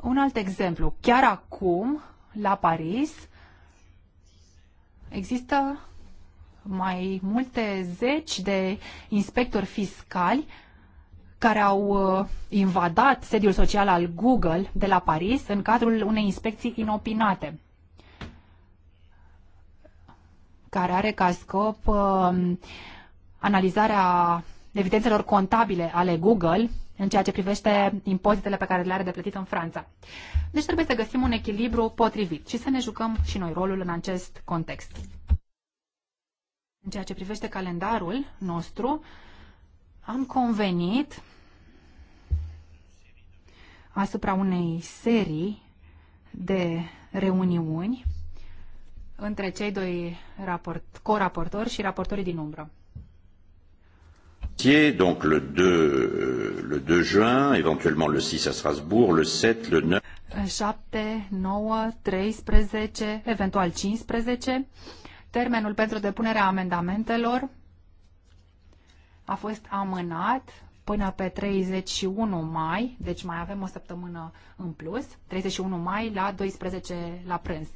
Un alt exemplu. Chiar acum, la Paris, există mai multe zeci de inspectori fiscali care au uh, invadat sediul social al Google de la Paris în cadrul unei inspecții inopinate care are ca scop uh, analizarea evidențelor contabile ale Google în ceea ce privește impozitele pe care le are de plătit în Franța. Deci trebuie să găsim un echilibru potrivit și să ne jucăm și noi rolul în acest context. În ceea ce privește calendarul nostru, am convenit asupra unei serii de reuniuni între cei doi raport, coraportori și raportorii din umbră. Donc le 2, euh, le 2 juin, éventuellement le 6 à Strasbourg, le 7, le 9. 7, 9, 13, eventual 15. Termenul pentru depunerea amendamentelor a fost amânat până pe 31 mai, deci mai avem o săptămână în plus, 31 mai la 12 la prânz.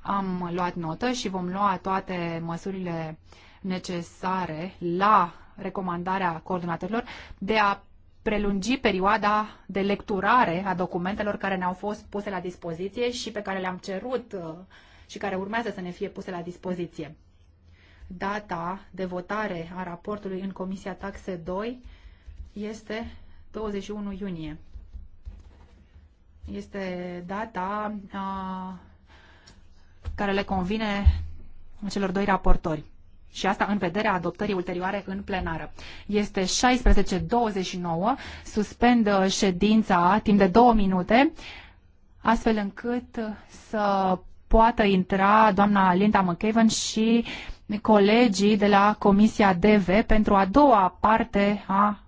Am luat notă și vom lua toate măsurile necesare la recomandarea coordonatorilor de a prelungi perioada de lecturare a documentelor care ne-au fost puse la dispoziție și pe care le-am cerut uh, și care urmează să ne fie puse la dispoziție. Data de votare a raportului în Comisia Taxe 2 este 21 iunie. Este data a, care le convine celor doi raportori și asta în vederea adoptării ulterioare în plenară. Este 16.29, suspend uh, ședința timp de două minute, astfel încât uh, să poată intra doamna Linda McCaven și colegii de la Comisia DV pentru a doua parte a